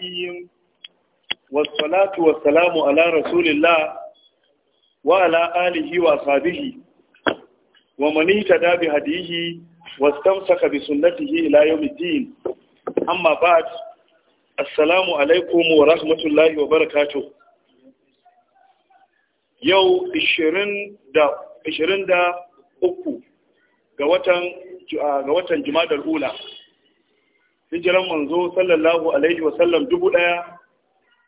nabiyin wasalatu wasalamu ala rasulillah wa ala alihi wa sahbihi wa man ihtada bi hadihi wastamsaka bi sunnatihi ila yawmiddin amma ba'd assalamu alaikum wa rahmatullahi wa barakatuh yau 20 da 23 ga watan ga watan jumadal hijiran manzo sallallahu alaihi wasallam dubu ɗaya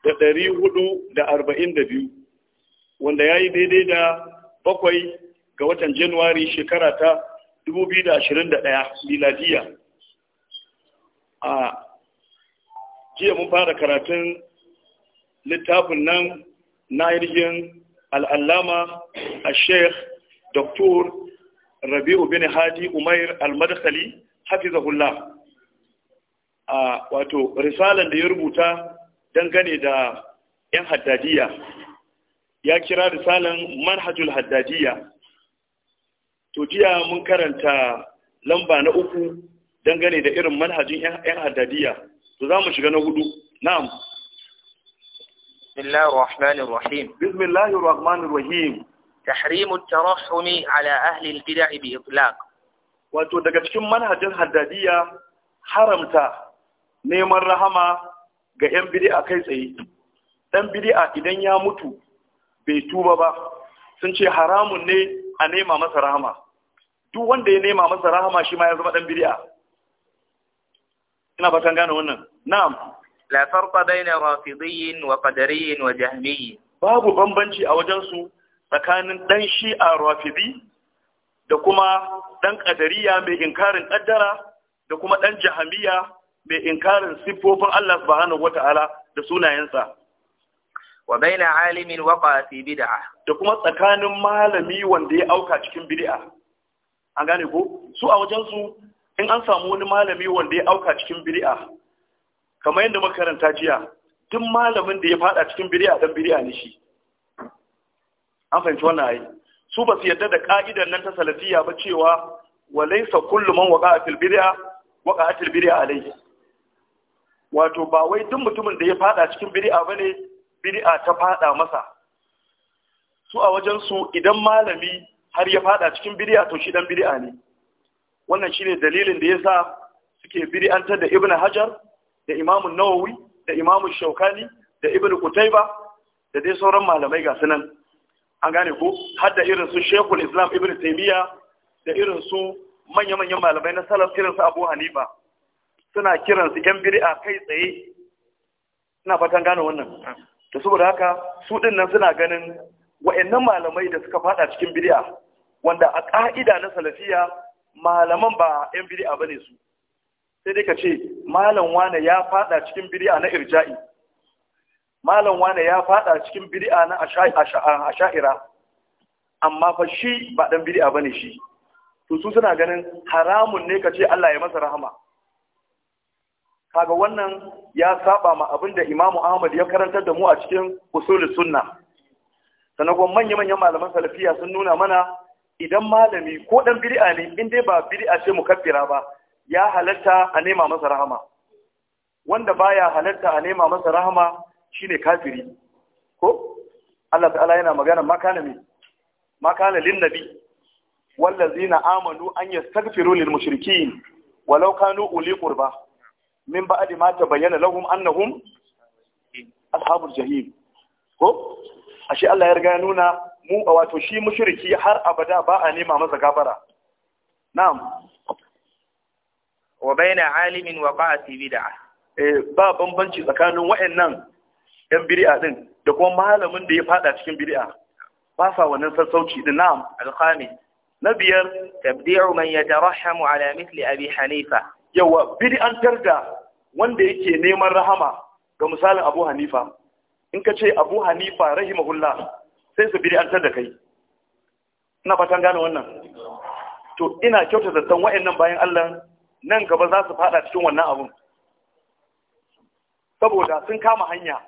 da ɗari hudu da arba'in da biyu wanda ya yi daidai da bakwai ga watan januwari shekara ta dubu biyu da ashirin da ɗaya miladiya a jiya mun fara karatun littafin nan na ainihin al'allama a sheikh dr rabi'u bin hadi umair al Hafiza hafizahullah a wato risalan da ya rubuta dangane da 'yan haddadiya ya kira risalan manhajul haddadiya to jiya mun karanta lamba na uku dangane da irin manhajin 'yan haddadiya to za mu shiga na hudu na'am bismillahir rahmanir rahim bismillahir rahmanir rahim tahrimu tarahumi ala ahli al bi wato daga cikin manhajin haddadiya haramta neman rahama ga 'yan bidi'a kai tsaye ɗan bidi'a idan ya mutu bai tuba ba sun ce haramun ne a nema masa rahama duk wanda ya nema masa rahama shi ma ya zama ɗan bidi'a ina fatan gane wannan na'am la farqa baina rafidiyyin wa qadariyyin wa jahmiyyin babu bambanci a wajen su tsakanin dan shi'a rafidi da kuma dan ƙadariya mai inkarin ƙaddara, da kuma ɗan jahmiya bai inkarin siffofin Allah subhanahu wata'ala da sunayensa wa baina alimin waqa fi bid'a da kuma tsakanin malami wanda ya auka cikin bid'a an gane ko su a wajen su in an samu wani malami wanda ya auka cikin bid'a kamar yadda makaranta jiya duk malamin da ya fada cikin bid'a dan bid'a ne shi an fahimci wannan ayi su ba su yarda da ka'idar nan ta salafiya ba cewa wa laysa kullu man waqa fil bid'a waqa fil bid'a alayhi wato ba wai duk mutumin da ya fada cikin bid'a bane bid'a ta fada masa su a wajen su idan malami har ya fada cikin bid'a to shi dan bid'a ne wannan shine dalilin da yasa suke bid'antar da Ibn Hajar da Imam Nawawi da Imam Shaukani da Ibn Qutayba da dai sauran malamai ga sunan an gane ko har da irin su Sheikhul Islam Ibn Taymiyyah da irin su manya-manyan malamai na salaf irin su Abu Hanifa suna kiransu yan bir'a kai tsaye ina fatan gane wannan to saboda haka su din nan suna ganin wa'annan malamai da suka faɗa cikin biri'a wanda a ka'ida na salafiya malaman ba yan bid'a bane su sai dai ka ce malam wane ya fada cikin bid'a na irja'i malam wane ya faɗa cikin bir'a na asha'ira amma fa shi ba dan bid'a bane shi to su suna ganin haramun ne ka ce Allah ya masa rahama kaga wannan ya saba ma abinda Imam Ahmad ya karantar da mu a cikin usulul sunna sanan kuma manya-manyan malaman salafiya sun nuna mana idan malami ko dan bid'a ne in dai ba bid'a ce mukaffira ba ya halatta a nema masa rahama wanda baya halatta a nema masa rahama shine kafiri ko Allah ta'ala yana magana makana ne makana lin nabi wallazina amanu an yastaghfiru lil mushrikeen walau kanu uli qurba min ba ma tabayyana lahum annahum ashabul jahim ko ashe Allah ya riga ya nuna mu wato shi mushriki har abada ba a nema masa gafara na'am wa baina alimin wa qasi bid'a eh ba bambanci tsakanin wayannan yan bid'a din da kuma malamin da ya fada cikin bid'a ba sa wannan sassauci din na'am al-khamis na biyar tabdi'u man yatarahhamu ala mithli abi hanifa yawa bid'antar da wanda yake neman rahama ga misalin abu hanifa in ka ce abu hanifa rahimahullah sai su bid'antar da kai ina fatan gane wannan to ina kyauta zaton wayannan bayan Allah nan gaba za su fada cikin wannan abun saboda sun kama hanya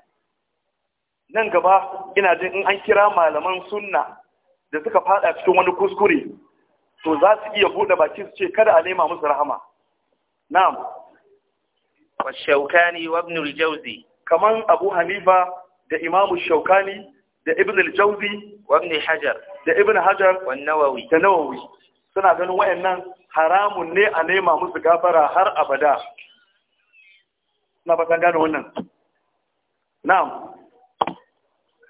nan gaba ina jin in an kira malaman sunna da suka fada cikin wani kuskure to za su iya bude baki su ce kada a nema musu rahama na'am والشوكاني وابن الجوزي كمان أبو حنيفة ده إمام الشوكاني ده ابن الجوزي وابن حجر ده ابن حجر والنووي ده نووي suna ganin wa'annan haramun ne a nema musu gafara har abada na bakan gane wannan na'am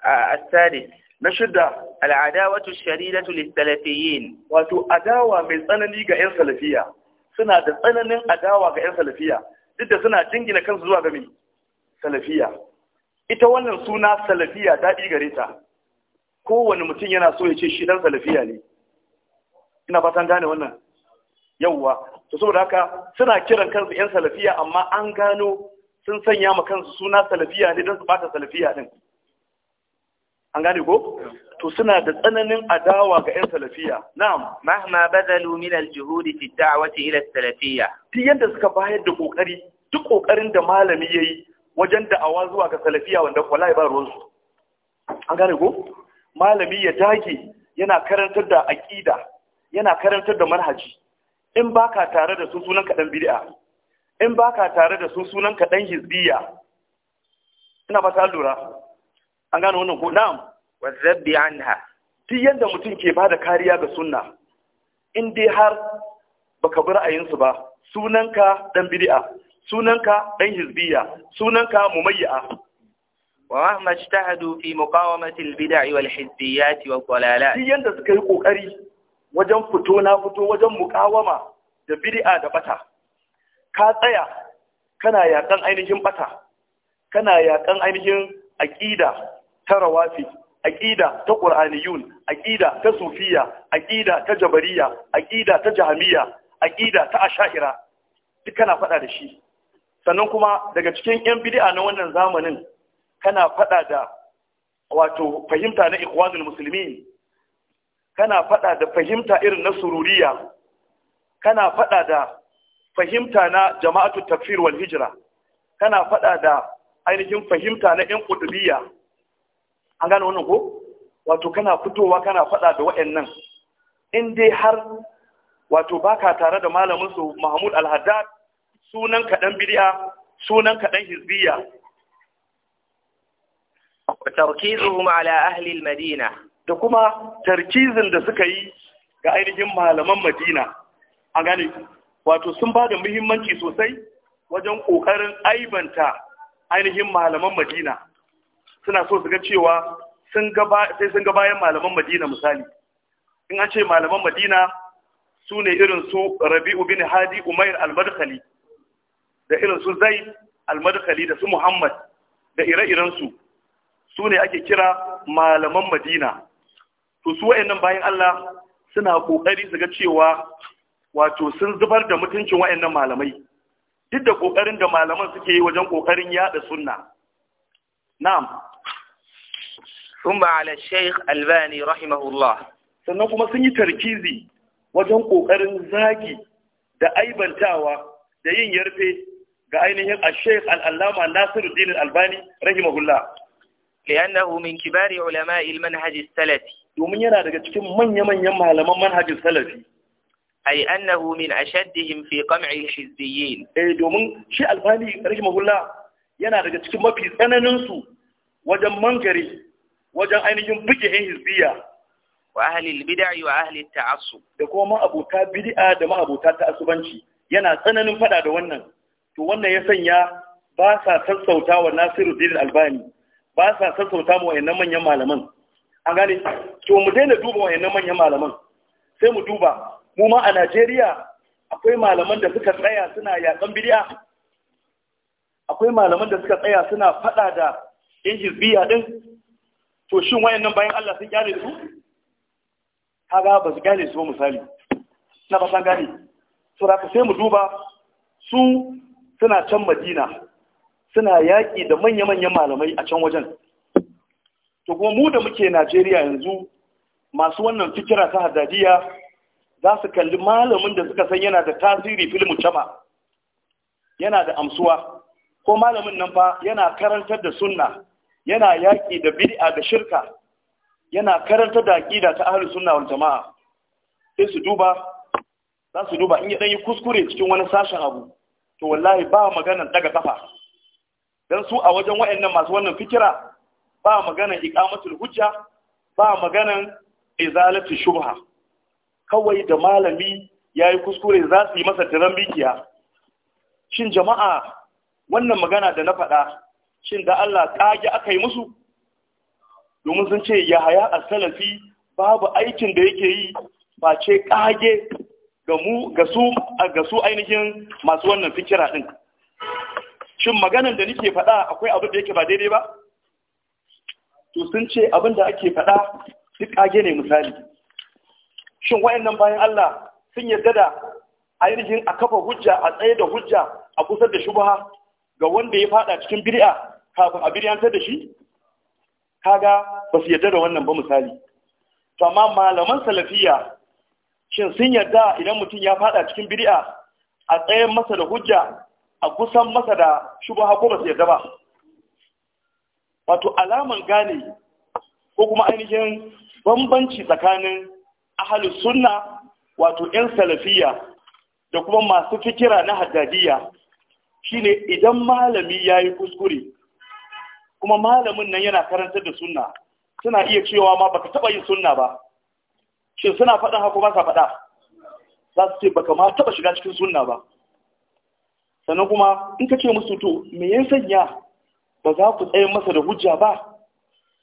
السادس العداوة الشديدة للسلفيين wato adawa mai tsanani ga 'yan salafiya suna da tsananin adawa ga 'yan salafiya duk da suna jingina kansu zuwa ga mai salafiya ita wannan suna salafiya daɗi gare ta kowane mutum yana so ya ce shi ɗan salafiya ne ina fatan gane wannan yawwa to saboda haka suna kiran kansu yan salafiya amma an gano sun sanya ma kansu suna salafiya ne don su ta salafiya ɗin an gane ko to suna da tsananin adawa ga 'yan salafiya. Na'am. Mahma bazalu min al-juhudi fi da'wati ila salafiya. Ti yadda suka bayar da kokari, duk kokarin da malami yayi wajen da'awa zuwa ga salafiya wanda wallahi ba ruwan su. An gane ko? Malami ya dage yana karantar da aqida, yana karantar da manhaji. In baka tare da su sunan kaɗan bid'a. In baka tare da su sunan kaɗan hizbiya. Ina ba ta lura. An gane wannan ko? Na'am. wazzabi anha duk yanda mutum ke bada kariya ga sunna in dai har baka bi ra'ayinsu ba sunanka dan bid'a sunanka dan hizbiya sunanka mumayya wa mahma ijtahadu fi muqawamati al-bid'i wal hizbiyat wa dalalat duk yanda suka yi kokari wajen fito na fito wajen muqawama da bid'a da bata ka tsaya kana yakan ainihin bata kana yakan ainihin aqida ta rawafi aqida ta qur'aniyun aqida ta sufiya aqida ta jabariya aqida ta jahmiya aqida ta asha'ira duk kana faɗa da shi sannan kuma daga cikin yan bid'a na wannan zamanin kana faɗa da wato fahimta na ikhwanul muslimin kana faɗa da fahimta irin na sururiya kana faɗa da fahimta na jama'atu tafsir wal hijra kana faɗa da ainihin fahimta na yan qutubiyya an gane wannan ko wato kana fitowa kana faɗa da waɗannan in dai har wato baka tare da malamin su Mahmud Al-Haddad sunan kaɗan bid'a sunan kaɗan hizbiya tarkizuhum ala ahli al-Madina da kuma tarkizin da suka yi ga ainihin malaman Madina an gane wato sun ba da muhimmanci sosai wajen ƙoƙarin aibanta ainihin malaman Madina suna so su ga cewa sun gaba sai sun ga bayan malaman Madina misali in an ce malaman Madina su ne irin su Rabi'u bin Hadi Umair al-Madkhali da irin su Zai, al-Madkhali da su Muhammad da ire-iren su su ne ake kira malaman Madina to su wayannan bayan Allah suna kokari su ga cewa wato sun zubar da mutuncin wayannan malamai duk da kokarin da malaman suke yi wajen kokarin yada sunna na'am sun ba ala sheikh albani rahimahullah sannan kuma sun yi tarkizi wajen ƙoƙarin zagi da aibantawa da yin yarfe ga ainihin a sheikh al'allama nasiru dinin albani rahimahullah li'annahu min kibari ulama ilman hajji salafi domin yana daga cikin manya-manyan malaman manhajin salafi ay annahu min ashaddihim fi qam'i hizbiyyin eh domin shi albani rahimahullah yana daga cikin mafi tsananin su wajen mangare wajen ainihin fikihin hizbiya wa ahli bid'i wa ahli ta'assub da kuma ma'abota bid'a da ma'abota ta'assubanci yana tsananin fada da wannan to wannan ya sanya ba sa sassauta wa Nasiruddin Albani ba sa sassauta mu wayannan manyan malaman an gane to mu daina duba wayannan manyan malaman sai mu duba mu ma a Najeriya akwai malaman da suka tsaya suna yakan bid'a akwai malaman da suka tsaya suna fada da in din to shin wayannan bayan Allah sun kyale su kaga ba su kyale su ba misali na ba san gane to da sai mu duba su suna can Madina suna yaƙi da manya-manyan malamai a can wajen to kuma mu da muke Najeriya yanzu masu wannan fikira ta hadadiya za su kalli malamin da suka san yana da tasiri filmu chama yana da amsuwa ko malamin nan fa yana karantar da sunna yana yaƙi da bid'a da shirka yana karanta da aqida ta ahlus sunna wal jamaa sai su duba za su duba in ya dan yi kuskure cikin wani sashen abu to wallahi ba magana daga kafa dan su a wajen wayannan masu wannan fikira ba maganan iqamatul hujja ba maganar izalatu shubha kawai da malami yayi kuskure za su yi masa tiran bikiya shin jama'a wannan magana da na faɗa shin da Allah kage aka yi musu domin sun ce ya haya a salafi babu aikin da yake yi ba ce kage ga su ga su ainihin masu wannan fikira din shin maganan da nake faɗa akwai abin da yake ba daidai ba to sun ce abin da ake faɗa duk kage ne misali shin wayannan bayan Allah sun yarda da ainihin a kafa hujja a tsaye da hujja a kusa da shubha ga wanda ya fada cikin bid'a kafin a biryantar da shi kaga ba su yarda da wannan ba misali to malaman salafiya shin sun yarda idan mutum ya fada cikin bid'a a tsayen masa da hujja a kusan masa da shubha ko ba su yarda ba wato alaman gane ko kuma ainihin bambanci tsakanin ahalus sunna wato 'yan salafiya da kuma masu fikira na haddadiya shine idan malami ya yi kuskure kuma malamin nan yana karantar da sunna suna iya cewa ma baka taba yin sunna ba shin suna faɗin haka ba sa faɗa za su ce baka ma taba shiga cikin sunna ba sannan kuma in ka ce musu to me ya sanya ba za ku tsaye masa da hujja ba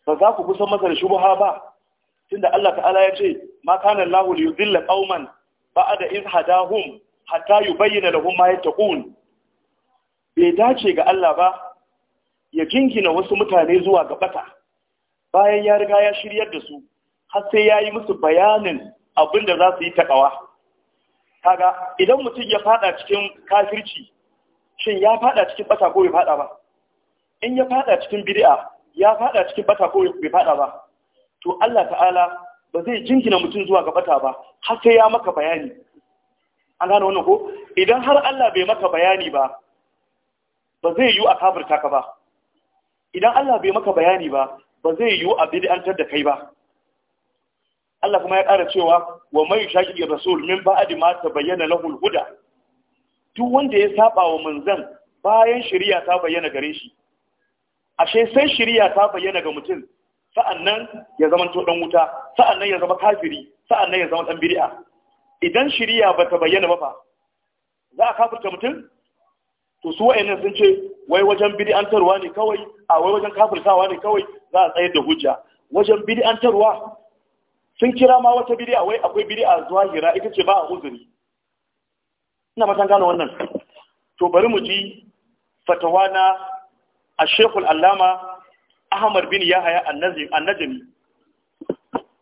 ba za ku kusan masa da shubuha ba tunda Allah ta'ala ya ce ma kana lahu li yudilla qauman ba'da iz hadahum hatta yubayyana lahum ma yattaqun bai dace ga Allah ba ya jingina wasu mutane zuwa ga bata bayan ya riga ya shiryar da su har sai ya yi musu bayanin abin da za su yi taɓawa kaga idan mutum ya fada cikin kafirci shin ya fada cikin bata ko bai fada ba in ya fada cikin bid'a ya fada cikin bata ko bai fada ba to Allah ta'ala ba zai jingina mutum zuwa ga bata ba har sai ya maka bayani an gane wannan ko idan har Allah bai maka bayani ba ba zai yi a kafirta ka ba idan Allah bai maka bayani ba ba zai yiwu a bid'antar da kai ba Allah kuma ya ƙara cewa wa mai shaƙi rasul min ba'di ma bayyana lahu huda duk wanda ya saba wa manzon bayan shari'a ta bayyana gare shi ashe sai shari'a ta bayyana ga mutum sa'annan ya zama to dan wuta sa'annan ya zama kafiri sa'annan ya zama dan bid'a idan shari'a bata bayyana ba fa za a kafirta mutum to su wa'annan sun ce wai wajen bid'antarwa ne kawai a wai wajen kafirtawa ne kawai za a tsayar da hujja wajen bid'antarwa sun kira ma wata bid'a wai akwai bid'a zahira ita ce ba a uzuri ina fatan gano wannan to bari mu ji fatawa na Sheikh Al-Allama Ahmad bin Yahaya An-Najmi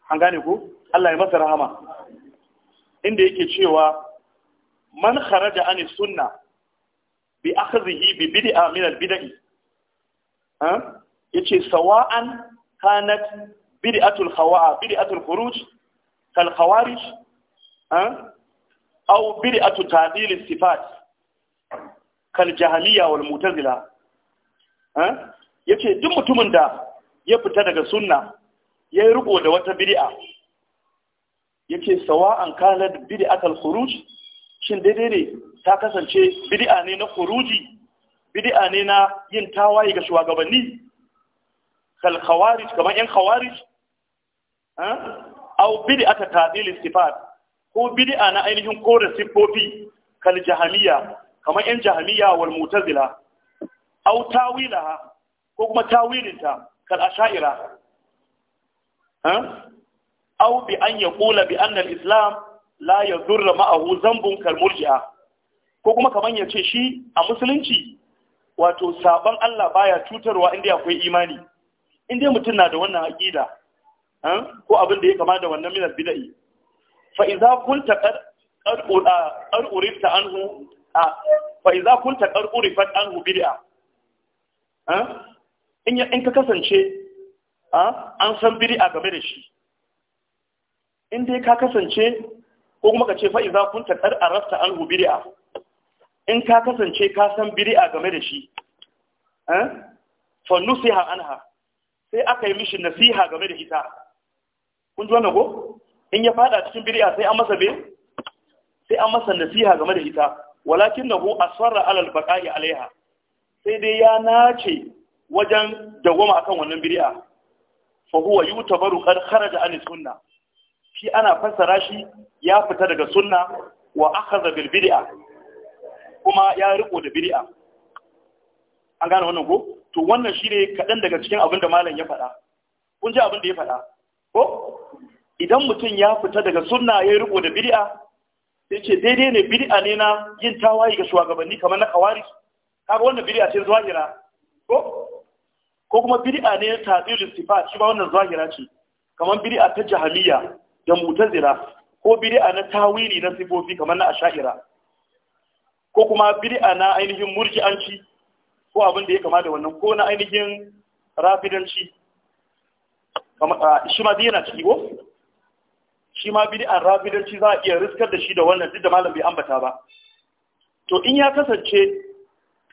an gane ko Allah ya masa rahama inda yake cewa man kharaja an sunnah bi akhdhihi bi bid'a min al-bid'i ha yace sawa'an kanat bid'atul khawa'a bid'atul khuruj kal khawarij ha aw bid'atu ta'dil as-sifat kal jahiliya wal mu'tazila ha yace duk mutumin da ya fita daga sunna ya yi riko da wata bid'a yace sawa'an kanat bid'atul khuruj shin daidai ne ta kasance bid'a ne na kuruji bid'a ne na yin tawaye ga shugabanni kal khawarij kamar yan khawarij aw bid'ata ta'dil istifad ko bid'a na ainihin kore siffofi kal jahamiya kamar yan jahamiya wal mu'tazila aw tawilaha ko kuma tawilinta kal asha'ira aw bi an yaqula bi anna al-islam la ya zurra ma'ahu zambun kalmurji'a ko kuma kamar ya ce shi a musulunci wato sabon Allah baya cutarwa inda akwai imani inda mutum na da wannan aqida eh, ko abin da ya kama da wannan minal bid'ah fa idza kunta qad qad anhu fa idza kunta qad anhu bid'a eh, in in ka kasance eh, an san bid'a game da shi in dai ka kasance ko kuma ka ce fa kun kunta a rasta anhu bid'a in ka kasance ka san bid'a game da shi eh fa nusiha anha sai aka yi mishi nasiha game da ita kun ji wannan ko in ya fada cikin bid'a sai an masa be sai an masa nasiha game da ita walakinahu asarra ala albaqa'i alaiha sai dai ya nace wajen dawama akan wannan bid'a fa huwa yutabaru qad kharaja an sunna shi ana fassara shi ya fita daga sunna wa akhadha bil bid'a kuma ya riko da bid'a an gane wannan ko to wannan shine kadan daga cikin abin da malam ya faɗa kun ji abin da ya faɗa ko idan mutum ya fita daga sunna ya riko da bid'a sai ce daidai ne bid'a ne na yin tawayi ga shugabanni kamar na kawari kaga wannan bid'a ce zahira ko ko kuma bid'a ne ta tadil sifa shi ba wannan zahira ce kamar bid'a ta jahiliya da mutazila ko bid'a na tawili na sifofi kamar na asha'ira ko kuma bid'a na ainihin murji'anci ko abin da ya kama da wannan ko na ainihin rafidanci shi ma yana ciki ko shi ma bid'a rafidanci za a iya riskar da shi da wannan duk da malam bai ambata ba to in ya kasance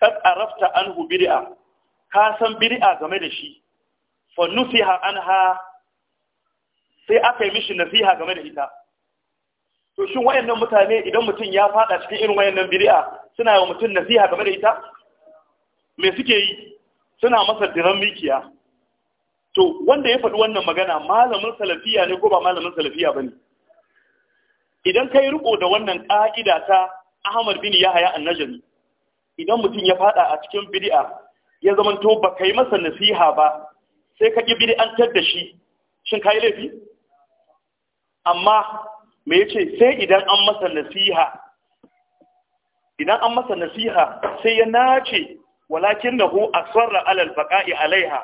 kad arafta anhu bid'a ka san bid'a game da shi fa nufiha anha sai aka yi mishi nasiha game da ita to shin wayannan mutane idan mutum ya fada cikin irin wayannan bid'a suna yi wa mutum nasiha game da ita me suke yi suna masa diran mikiya to wanda ya faɗi wannan magana malamin salafiya ne ko ba malamin salafiya bane idan kai riko da wannan ka'ida ta Ahmad bin Yahya an-Najmi idan mutum ya fada a cikin bid'a ya zamanto ba kai masa nasiha ba sai ka ki tar da shi shin kai laifi amma me yace sai idan an masa nasiha idan an masa nasiha sai ya nace walakin da hu asarra alal baqa'i alaiha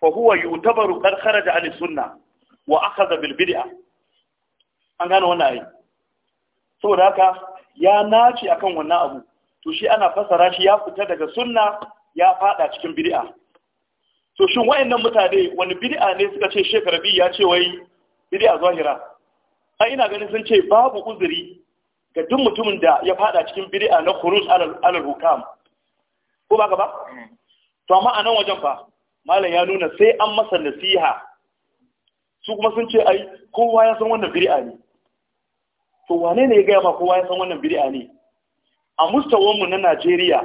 fa huwa yutabaru qad kharaja an sunna wa akhadha bil bid'a an gano wannan ai saboda haka ya nace akan wannan abu to shi ana fasara shi ya fita daga sunna ya fada cikin bid'a to shin wayannan mutane wani bid'a ne suka ce Sheikh ya ce wai bid'a zahira a ina ganin sun ce babu uzuri ga duk mutumin da ya fada cikin bid'a na khuruj alal hukam ko ba ka ba mm. to amma a nan wajen fa malam ya nuna sai an masa nasiha su kuma sun ce ai kowa ya san wannan bid'a ne to wane ne ya gaya ma kowa ya san wannan bid'a ne a mustawan na Najeriya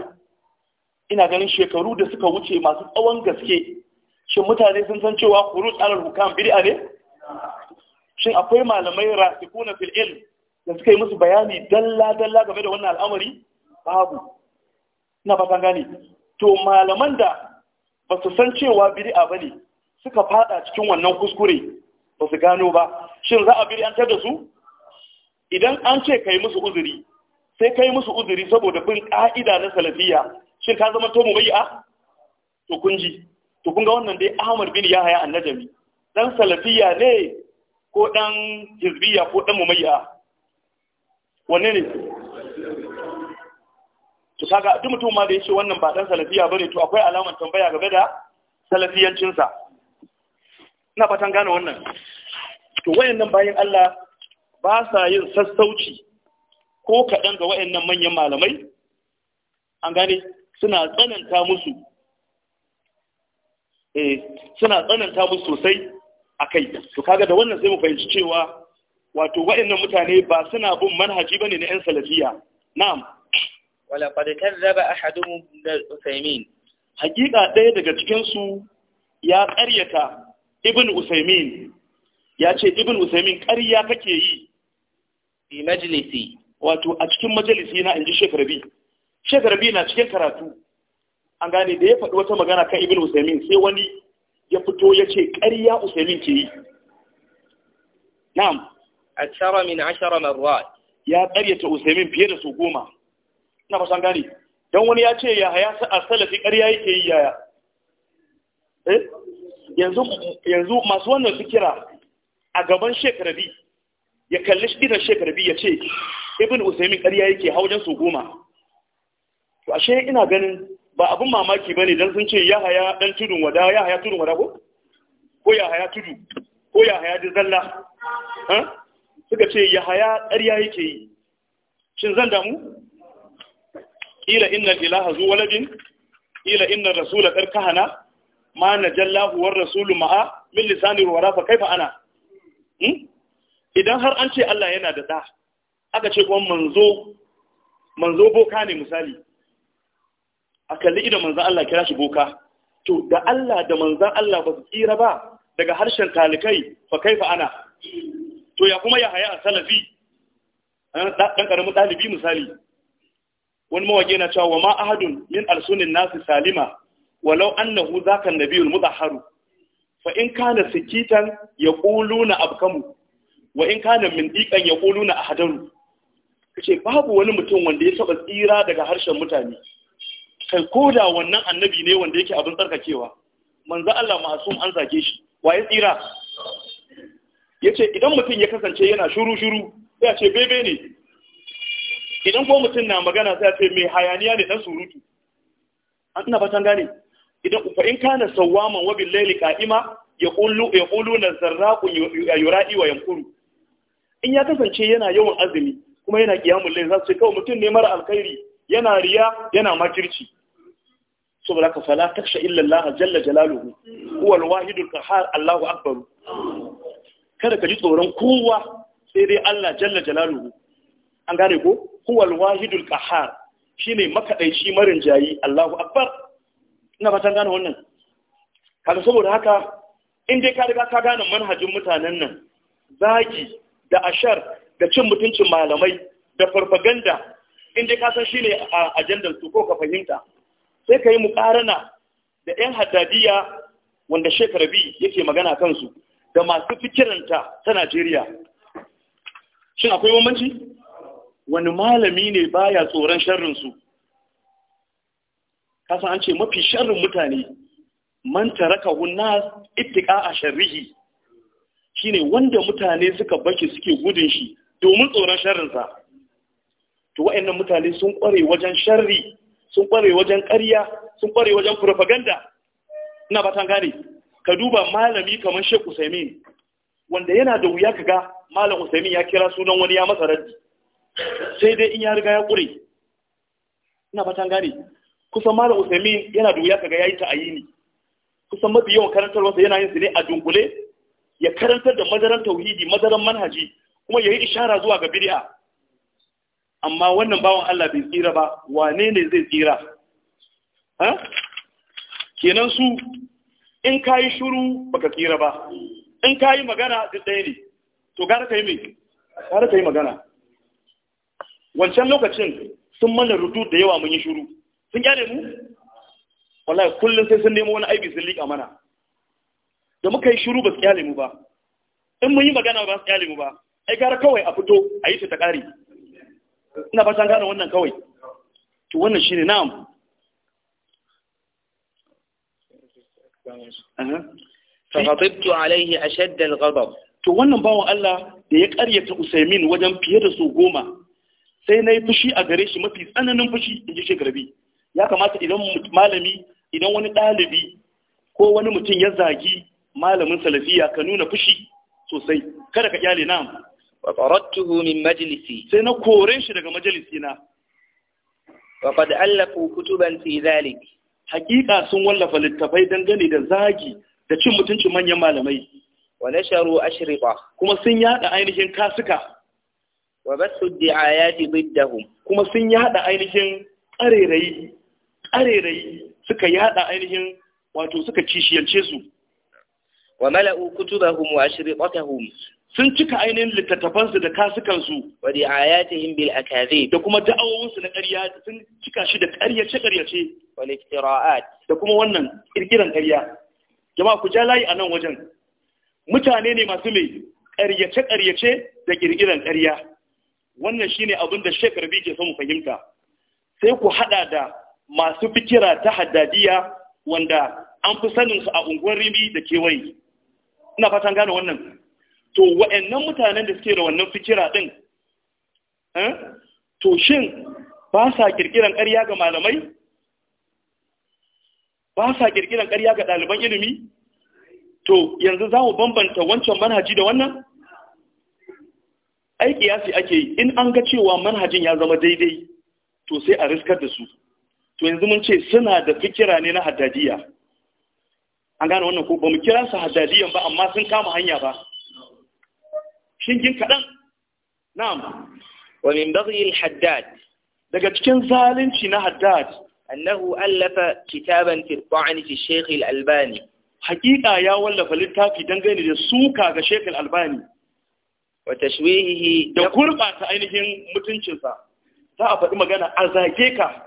ina ganin shekaru da suka wuce masu tsawon gaske shin mutane sun san cewa khuruj alal hukam bid'a ne shin akwai malamai rasiku na fil'il da suka yi musu bayani dalla dalla game da wannan al'amari babu ina ba gane to malaman da ba su san cewa ba ne suka fada cikin wannan kuskure ba su gano ba shin za a an da su idan an ce ka yi musu uzuri sai ka yi musu uzuri saboda bin ka'ida na salafiya shin ka zama to mubayya to kun ji to kun ga wannan dai Ahmad bin Yahaya annajami dan salafiya ne ko ɗan jizbiya ko ɗan mumayya wanne ne to kaga duk mutum ma da yace wannan ba dan salafiya bane to akwai alamar tambaya game da salafiyancin sa ina fatan gane wannan to wayannan bayin Allah ba sa yin sassauci ko kaɗan ga wayannan manyan malamai an gane suna tsananta musu eh suna tsananta musu sosai a kai to kaga da wannan sai mu fahimci cewa wato wa'annan mutane ba suna bin manhaji bane na yan salafiya na'am wala qad min al usaymin hakika ɗaya daga cikin su ya ƙaryata ibn usaymin ya ce ibn usaymin ƙarya kake yi fi majlisi wato a cikin majalisi na inji Sheikh Rabi Sheikh Rabi na cikin karatu an gane da ya faɗi wata magana kan ibn usaymin sai wani ya fito ya ce ƙarya usaimin ke yi na'am ashara min ashara marrat ya ƙaryata usaimin fiye da su goma ina ba san gane wani ya ce ya haya a salafi ƙarya yake yi yaya eh yanzu masu wannan fikira a gaban shekarabi ya kalli shirin shekarabi ya ce ibn usaimin ƙarya yake haujen su goma to ashe ina ganin ba abin mamaki ba ne don sun ce ya haya ɗan tudun wada ya haya tudun wada ko? ko ya haya tudu ko ya haya dizalla suka ce ya haya ƙarya yake yi shin zan damu? ila inna ilaha zuwa waladin ila inna rasula kahana ma na jallahu war rasulu ma'a min lisanin ruwa, fa kaifa ana hmm? idan har an ce Allah yana da ɗa aka ce kuma manzo manzo boka ne misali a kalli idan manzan Allah kira shi boka to da Allah da manzan Allah ba su tsira ba daga harshen talikai fa fa ana to ya kuma ya haya a salafi ɗan eh, ƙaramin ɗalibi misali wani mawaƙi na cewa wa ma ahadun min alsunin nasu salima walau annahu zaka nabiyul haru? fa in kana sikitan ya na abkamu wa in kana min diqan yaquluna ahadaru kace babu wani mutum wanda ya taɓa tsira daga harshen mutane kai ko da wannan annabi ne wanda yake abin tsarkakewa manzo Allah ma'asum an zage shi waye tsira yace idan mutum ya kasance yana shuru shuru sai a ce bebe ne idan ko mutum na magana sai a ce mai hayaniya ne dan surutu an ina fatan gane idan fa in kana sawaman wa bil layli qa'ima yaqulu lan zarraqu yura'i wa yanquru in ya kasance yana yawan azumi kuma yana kiyamul layl za su ce kawai mutum ne mara alkhairi yana riya yana makirci saboda ka fala sha illa Allah jalla jalaluhu huwa al-wahidul qahhar Allahu akbar kada ka ji tsoron kowa sai dai Allah jalla jalaluhu an gane ko huwa al-wahidul qahhar shine makadaici marin jayi Allahu akbar ina fatan gane wannan kaga saboda haka in dai ka riga ka gane manhajin mutanen nan zagi da ashar da cin mutuncin malamai da farfaganda in dai ka san shine a ajandar su ko ka fahimta sai ka yi muƙarana da 'yan haddadiya wanda shekara bi yake magana kansu da masu fikiranta ta Najeriya. Shin akwai bambanci? Wani malami ne baya tsoron sharrinsu. Kasan an ce mafi sharrin mutane, man taraka hunna ittika a sharrihi ne wanda mutane suka baki suke gudun shi domin tsoron sharrinsa. To wa'annan mutane sun ƙware wajen sharri sun kware wajen ƙarya sun kware wajen propaganda ina ba gane ka duba malami kamar Sheikh Usaimin wanda yana da wuya kaga malam Usaimin ya kira sunan wani ya masa raddi sai dai in ya riga ya kure ina ba gane kusan malam Usaimin yana da wuya kaga yayi ta'ayini kusan mafi yawan karantarwarsa yana yin su ne a dunkule ya karantar da madaran tauhidi madaran manhaji kuma yayi ishara zuwa ga bid'a amma wannan bawan Allah bai tsira ba wane ne zai tsira kenan su in ka yi baka tsira ba in ka yi magana duk ɗaya ne to gara ka yi gara ka yi magana wancan lokacin sun mana rudu da yawa mun yi shiru. sun kyale mu wallahi kullun sai sun nemo wani aibi sun lika mana da muka yi shiru ba su kyale mu ba in mun yi magana ba su kyale mu ba ai gara kawai a fito a yi ta ta ƙari ina ba san gane wannan kawai to wannan shine na'am faghadibtu alaihi ashadda alghadab to wannan bawo Allah da ya karyata Usaymin wajen fiye da su goma sai nayi fushi a gare shi mafi tsananin fushi in ji shekarbi ya kamata idan malami idan wani ɗalibi ko wani mutum ya zagi malamin salafiya ka nuna fushi sosai kada ka kyale na'am. وقرته من مجلسي majlisi sai na kore shi daga majalisina wa qad allafu kutuban fi dhalik hakika sun wallafa littafai dangane da zagi da cin mutuncin manyan malamai wa nasharu ashriqa kuma sun yada ainihin kasuka wa basu di'ayati biddahum kuma sun yada ainihin qarerai qarerai suka yada ainihin wato suka kishiyance su wa mala'u kutubahum wa ashriqatahum sun cika ainihin littattafansu da kasukansu wa da ayatihim bil akazi da kuma da'awunsu na ƙarya sun cika shi da ƙaryace ƙaryace wal iftira'at da kuma wannan kirkiran ƙarya jama'a ku ja layi a nan wajen mutane ne masu mai ƙaryace ƙaryace da kirkiran karya. wannan shine abin da shekar biyu ke samu fahimta sai ku haɗa da masu fikira ta haddadiya wanda an fi saninsu a unguwar Rimi da kewaye ina fatan gane wannan to wa'annan mutanen da suke da wannan fikira din eh, to shin ba sa kirkiran ƙarya ga malamai ba sa kirkiran ƙarya ga ɗaliban ilimi to yanzu za mu bambanta wancan manhaji da wannan ya kiyasi ake in an ga cewa manhajin ya zama daidai to sai a riskar da su to yanzu mun ce suna da fikira ne na haddadiya an gane wannan ko ba mu kira su haddadiyan ba amma sun kama hanya ba shingin kaɗan na'am wa min haddad daga cikin zalunci na haddad annahu allafa kitaban fi ta'an fi al-albani haƙiƙa ya wallafa littafi dangane da suka ga shaykh al-albani wa tashwihihi da gurbata ainihin mutuncinsa za a faɗi magana a zage ka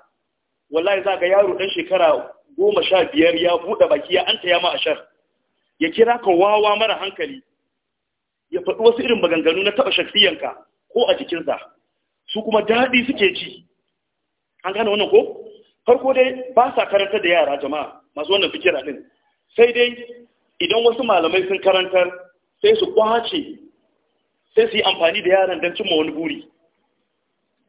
wallahi za ga yaro ɗan shekara goma sha biyar ya buɗe baki ya anta ya ma ashar ya kira ka wawa mara hankali ya faɗi wasu irin maganganu na taɓa shaksiyanka ko a jikinsa su kuma daɗi suke ji an gane wannan ko farko dai ba sa karanta da yara jama'a masu wannan fikira ɗin sai dai idan wasu malamai sun karantar sai su kwace sai su yi amfani da yaran don cimma wani buri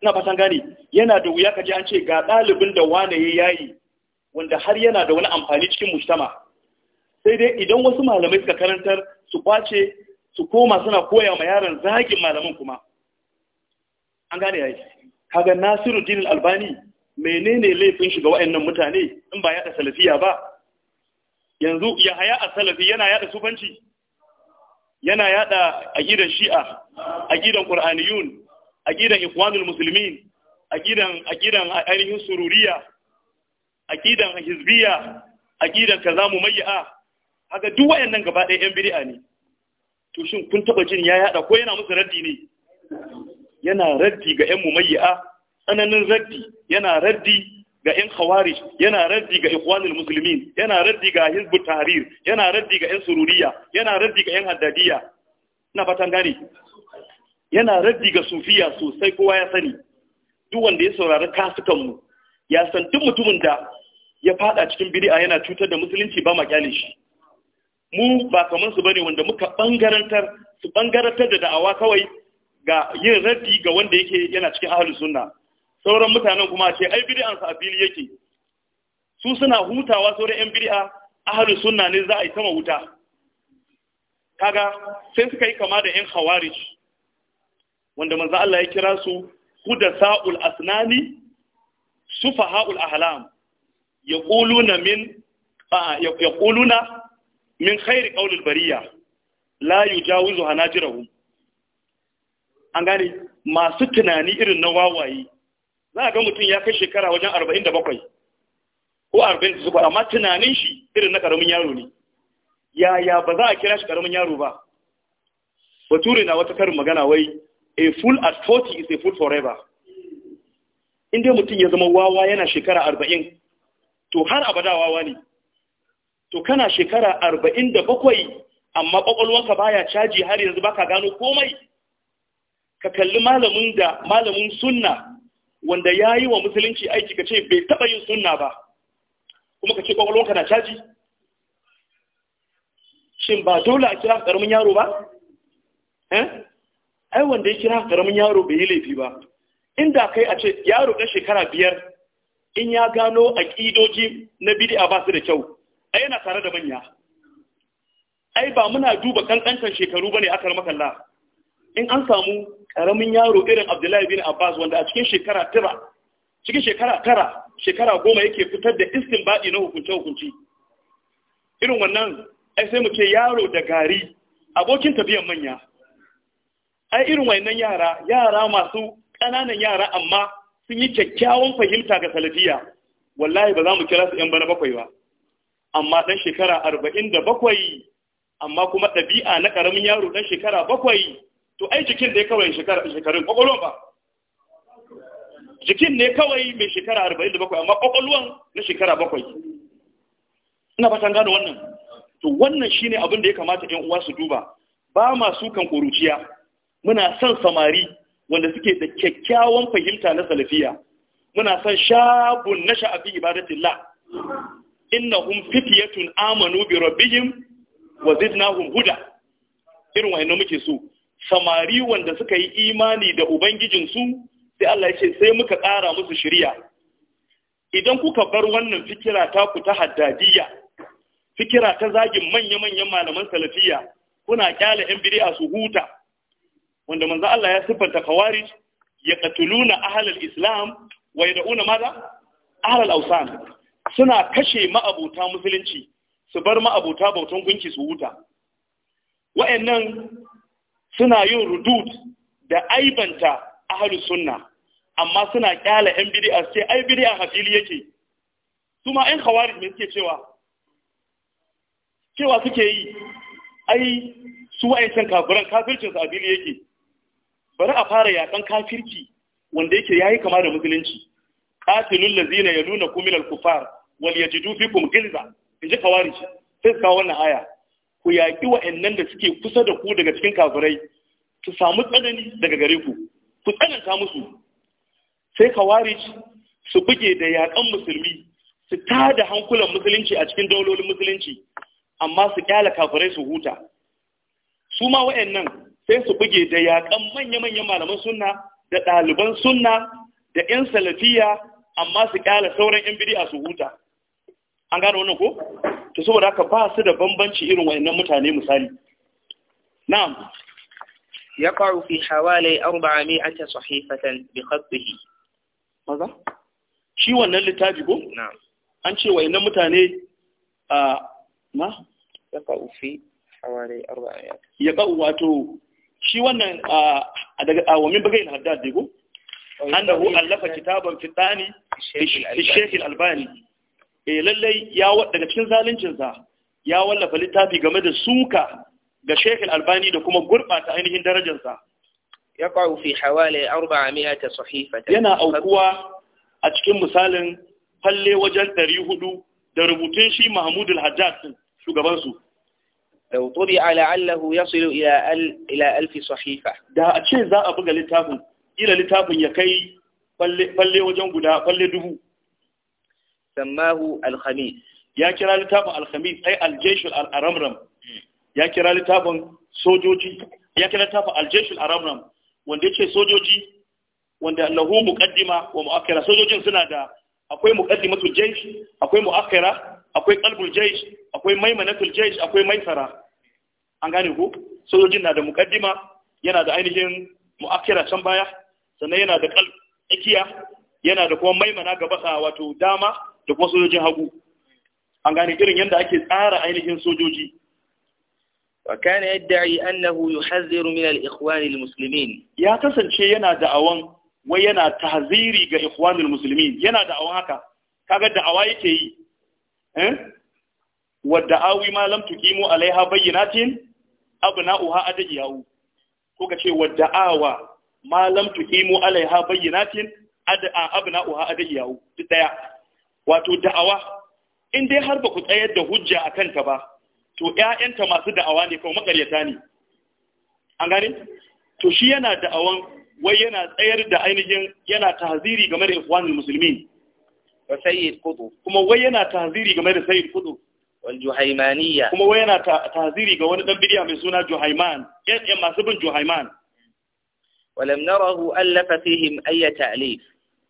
ina fatan gane yana da wuya kaji an ce ga ɗalibin da wane ya yayi wanda har yana da wani amfani cikin mujtama sai dai idan wasu malamai suka karantar su kwace su koma suna koya ma yaran zagin malamin kuma an gane ya yi kaga nasiru dinin albani menene laifin shiga wa'annan mutane in ba yaɗa salafiya ba yanzu ya haya a salafi yana yaɗa sufanci yana yaɗa a gidan shi'a a gidan ƙur'aniyun a gidan ikwanul musulmin a gidan a gidan ainihin sururiya a gidan hizbiya a gidan kaza mumayya haka duk wa'annan gaba ɗaya yan bid'a ne to kun taba jin ya yada ko yana musu raddi ne yana raddi ga ƴan mumayya tsananin raddi yana raddi ga ƴan khawarij yana raddi ga ikhwanul muslimin yana raddi ga hizb tahrir yana raddi ga ƴan sururiya yana raddi ga ƴan haddadiya ina fatan gane yana raddi ga sufiya sosai kowa ya sani duk wanda ya saurari kasukan mu ya san duk mutumin da ya fada cikin bid'a yana cutar da musulunci ba ma shi mu ba kamar su bane wanda muka bangarantar su bangarantar da da'awa kawai ga yin raddi ga wanda yake yana cikin ahlus sunna sauran mutanen kuma ce ai bid'an sa afili yake su suna hutawa sauran yan bid'a ahlus sunna ne za a yi sama wuta kaga sai suka yi kama da yan khawarij wanda manzo Allah ya kira su hudasa'ul asnani sufaha'ul ahlam yaquluna min yaquluna min khairi qaulul bariya la yujawizu hanajirahum an gane masu tunani irin na wawaye za a ga mutum ya kai shekara wajen 47 ko 48 amma tunanin shi irin na karamin yaro ne yaya ba za a kira shi karamin yaro ba bature na wata karin magana wai a fool at 40 is a fool forever inda mutum ya zama wawa yana shekara 40 to har abada wawa ne to kana shekara arba'in da bakwai amma ƙwaƙwalwanka baya caji har yanzu ba ka gano komai ka kalli malamin da malamin sunna wanda ya yi wa musulunci aiki ka ce bai taɓa yin sunna ba kuma ka ce ƙwaƙwalwanka na caji shin ba dole a kira ƙaramin yaro ba eh? ai wanda ya kira ƙaramin yaro bai yi laifi ba inda kai a ce yaro ɗan shekara biyar in ya gano a ƙidoji na bidi'a ba su da kyau ai yana tare da manya ai ba muna duba kankantan shekaru bane akar makalla in an samu karamin yaro irin Abdullahi bin Abbas wanda a cikin shekara tara cikin shekara tara shekara goma yake fitar da istinbadi na hukunce hukunci irin wannan ai sai mu ce yaro da gari abokin tafiyan manya ai irin wannan yara yara masu ƙananan yara amma sun yi kyakkyawan fahimta ga salafiya wallahi ba za mu kira su 'yan bana bakwai ba amma ɗan shekara arba'in da bakwai amma kuma ɗabi'a na ƙaramin yaro ɗan shekara bakwai to ai jikin da ya kawai shekarun ƙwaƙwalwan ba jikin ne kawai mai shekara arba'in da bakwai amma ƙwaƙwalwan na shekara bakwai ina fatan gano wannan to wannan shine abin da ya kamata 'yan uwa su duba ba ma su kan ƙuruciya muna son samari wanda suke da kyakkyawan fahimta na salafiya muna son shabun na sha'afi ibadatillah Inna innahum fitiyatun amanu bi rabbihim wa zidnahum huda irin wayannan muke so samari wanda suka yi imani da ubangijin su sai Allah ya ce sai muka ƙara musu shiriya idan kuka bar wannan fikira ta ku ta haddadiya fikira ta zagin manya-manyan malaman salafiya kuna kyale yan bid'a su huta wanda manzo Allah ya siffanta khawarij ya katuluna ahlal islam wa yad'una mada ahlal awsan suna kashe ma'abuta musulunci su bar ma'abuta bautan gunki su huta wa'annan suna yin rudud da aibanta ahlus sunna amma suna kyala yan bid'a sai ai bid'a hafili yake kuma ɗan yan khawarij ne suke cewa cewa suke yi ai su wa'ancan kafiran kafircin su abili yake bari a fara yakan kafirci wanda yake yayi kama da musulunci qatilul ladzina yalunakum minal kufar wal yajidu fikum gilza kawari khawarij sai ka wannan aya ku yaki wa'annan da suke kusa da ku daga cikin kafirai su samu tsanani daga gare ku ku tsananta musu sai kawari su buge da yaƙan musulmi su tada hankulan musulunci a cikin daulolin musulunci amma su kyala kafirai su huta su ma wa'annan sai su buge da yaƙan manya-manyan malaman sunna da ɗaliban sunna da 'yan salafiya amma su kyala sauran 'yan a su huta an gano wannan ko to saboda haka ba su da bambanci irin wayannan mutane misali na'am يقع fi حوالي 400 bi بخطه maza shi wannan littafi ko? an ce wayannan mutane a na? ya fi hawari 400 ya wato shi wannan a daga awamin haddad ko? an allafa kitaban fitani fi shekil albani eh lallai ya daga cikin zaluncinsa ya wallafa littafi game da suka ga Sheikh Albani da kuma gurbata ainihin darajarsa yaqa'u fi hawali 400 sahifatan yana aukuwa a cikin misalin falle wajen 400 da rubutun shi Mahmud al-Haddad shugaban su law tubi'a ila ila 1000 da a ce za a buga littafin ila littafin ya kai falle wajen guda falle dubu sammahu al-khamis ya kira littafin al-khamis ai al-jaysh al ya kira littafin sojoji ya kira littafin al-jaysh al-aramram wanda ce sojoji wanda lahu muqaddima wa mu'akkara sojojin suna da akwai muqaddimatul jaysh akwai mu'akkara akwai qalbul jaysh akwai maimanatul jaysh akwai maisara an gane ku, sojojin na da muqaddima yana da ainihin mu'akkara can baya sannan yana da qalb tsakiya yana da kuma maimana gaba wato dama da kuma sojojin hagu an gane irin yadda ake tsara ainihin sojoji wa kana yadda'i annahu yuhadhiru min al-ikhwan al-muslimin ya kasance yana da'awan wai yana tahziri ga ikhwan al yana da'awan haka kaga da'awa yake yi eh wa da'awi ma lam tuqimu alaiha bayyinatin abna'uha adiyahu ko kace wa da'awa ma lam tuqimu alaiha bayyinatin ad abna'uha adiyahu duk daya wato da'awa in dai har ba ku tsayar da hujja a kanta ba to ƴaƴanta masu da'awa ne kawai makaryata ne an gani? to shi yana da'awan wai yana tsayar da ainihin yana tahziri game da ikhwanul musulmi. wa sayyid kudu. kuma wai yana tahziri game da sayyid kudu. wal juhaimaniya kuma wai yana tahziri ga wani dan bidiya mai suna juhaiman yan masu bin juhaiman walam narahu allafa fihim ayya ta'lif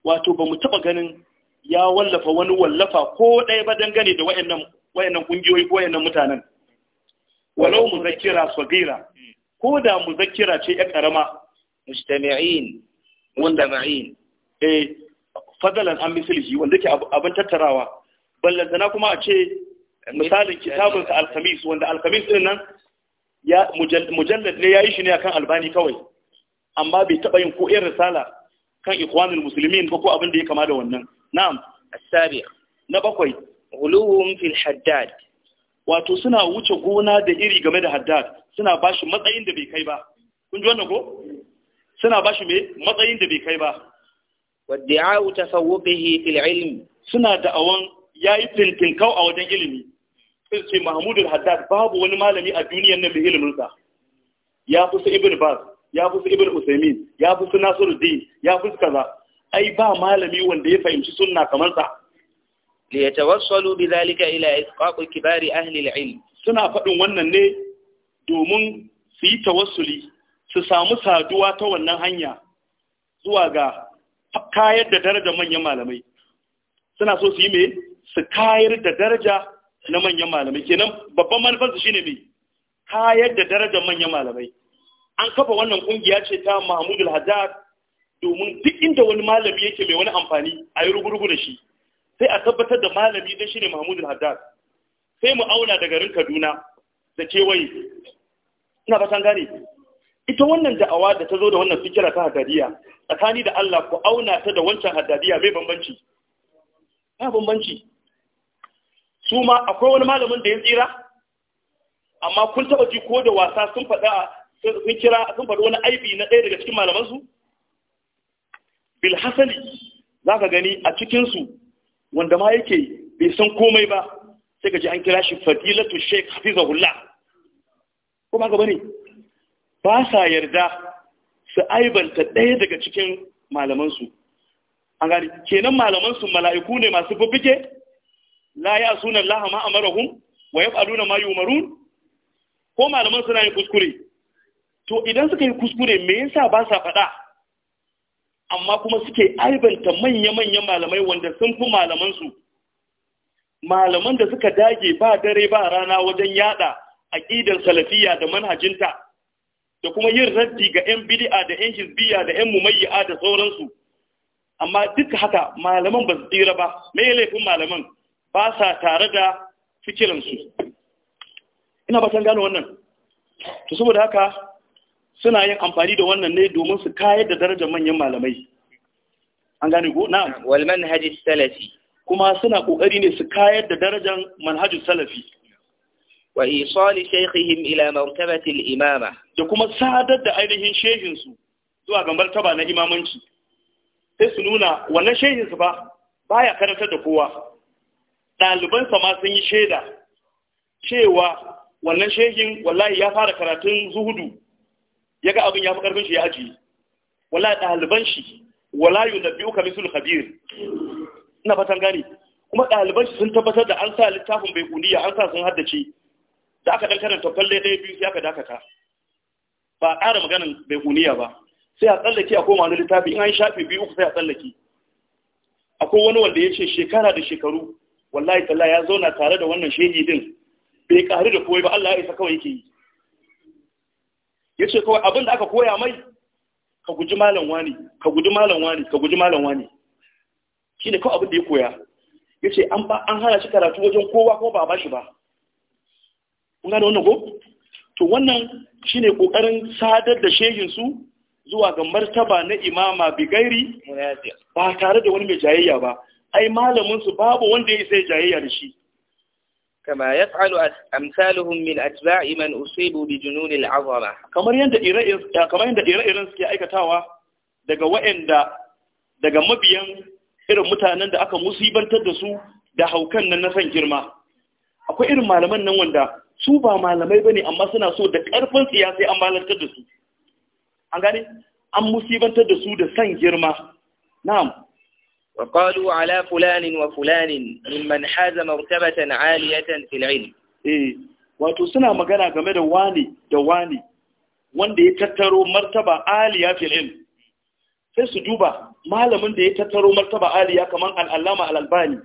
wato ba mu taba ganin ya wallafa wani wallafa ko ɗaya ba dangane da wayannan ƙungiyoyi ko wayannan mutanen walau Zakira sagira ko da zakira ce ya karama wanda mujtami'in eh fadalan an mislihi wanda ke abin tattarawa ballantana kuma a ce misalin kitabun sa alkhamis wanda alkhamis ɗin nan mujallar mujallad ne yi shi ne akan albani kawai amma bai taɓa yin ko irin risala kan ikwanin Musulmin ba ko abin da ya kama da wannan na'am as-sabiq na bakwai uluhum fil haddad wato suna wuce gona da iri game da haddad suna bashi matsayin da bai kai ba kun ji wannan ko suna bashi me matsayin da bai kai ba wadda'u tasawwuqihi fil ilm suna da da'awan yayi fintinkau a wajen ilimi sai ce Mahmud al-Haddad babu wani malami a duniyar nan da ilimin sa ya fi su Ibn Baz ya fi su Ibn Usaymin ya fi su Nasiruddin ya fi kaza ai ba malami wanda ya fahimci sunna kamar sa li yatawassalu bidhalika ila isqaq kibari ahli al suna faɗin wannan ne domin su yi tawassuli su samu saduwa ta wannan hanya zuwa ga kayar da daraja manyan malamai suna so su yi mai su kayar da daraja na manyan malamai kenan babban manufarsu shine mai kayar da daraja manyan malamai an kafa wannan kungiya ce ta mahmudul haddad domin duk inda wani malami yake mai wani amfani a yi rugurugu da shi sai a tabbatar da malami ɗin shi ne mahmud haddad sai mu auna da garin kaduna da kewaye ina fatan gane ita wannan da'awa da ta zo da wannan fikira ta haddadiya tsakani da allah ku auna ta da wancan haddadiya mai bambanci ba bambanci su ma akwai wani malamin da ya tsira amma kun taɓa ji ko da wasa sun faɗa sun kira sun faɗi wani aibi na ɗaya daga cikin malamansu bil za ka gani a cikinsu wanda ma yake bai san komai ba sai ka ji an kira shi fadilatu sheik hafizahullah ko ba gaba ne ba sa yarda su aibanta ɗaya daga cikin malamansu an gani kenan malamansu mala'iku ne masu bubbike la ya sunan laha ma amarahum wa yaf'aluna ma yumarun ko malaman suna yin kuskure to idan suka yi kuskure me yasa ba sa faɗa amma kuma suke aibanta manya-manyan malamai wanda sun fi malamansu malaman da suka dage ba dare ba rana wajen yada aƙidar salafiya da manhajinta da kuma yin raddi ga 'yan bid'a da 'yan hisbiya da 'yan mumayya da sauransu amma duk haka malaman ba su tsira ba mai laifin malaman ba sa tare da fikiransu ina ba gano wannan to saboda haka suna yin amfani da wannan ne domin su kayar da darajar manyan malamai an gane ko na wal manhaji salafi kuma suna kokari ne su kayar da darajar manhajin salafi wa isali shaykhihim ila martabati al imama da kuma sadar da ainihin shehin su zuwa ga martaba na imamanci sai su nuna wannan shehin su ba baya karantar da kowa ɗalibansa sa ma sun yi shaida cewa wannan shehin wallahi ya fara karatun zuhudu ya ga abin ya fi ƙarfin shi ya ajiye wala ɗaliban shi wala yu biyu uka misul khabir ina fatan gani. kuma ɗaliban shi sun tabbatar da an sa littafin bai kuniya an sa sun haddace da aka ɗan karanta falle ɗaya biyu sai aka dakata ba a ƙara maganin bai kuniya ba sai a tsallake a koma wani littafi in an shafe biyu uku sai a tsallake akwai wani wanda ya ce shekara da shekaru wallahi talla ya zauna tare da wannan shehi din bai ƙari da kowai ba Allah ya isa kawai yake yi ya ce kawai abin da aka koya mai ka guji malam wani ka guji malam wani ka guji malam wani shi ne kawai abin da ya koya ya ce an ba an hana shi karatu wajen kowa kuma ba ba shi ba kun gane wannan ko to wannan shi ne ƙoƙarin sadar da shehinsu zuwa ga martaba na imama bigairi ba tare da wani mai jayayya ba ai malaminsu babu wanda ya isa jayayya da shi kama ya tsalu amsaluhun min ajba iman usibu bi jununil azama kamar yadda ire-iren suke aikatawa daga wa'anda daga mabiyan irin mutanen da aka musibantar da su da haukan nan na san girma akwai irin malaman nan wanda su ba malamai bane amma suna so da karfin siyasa an malantar da su da su san girma na'am وقالوا على فلان وفلان ممن حاز مرتبة عالية في العلم إيه وتسنى مغانا كمدى واني دواني wanda ya tattaro martaba aliya fil sai su duba malamin da ya tattaro martaba aliya kamar al'allama al'albani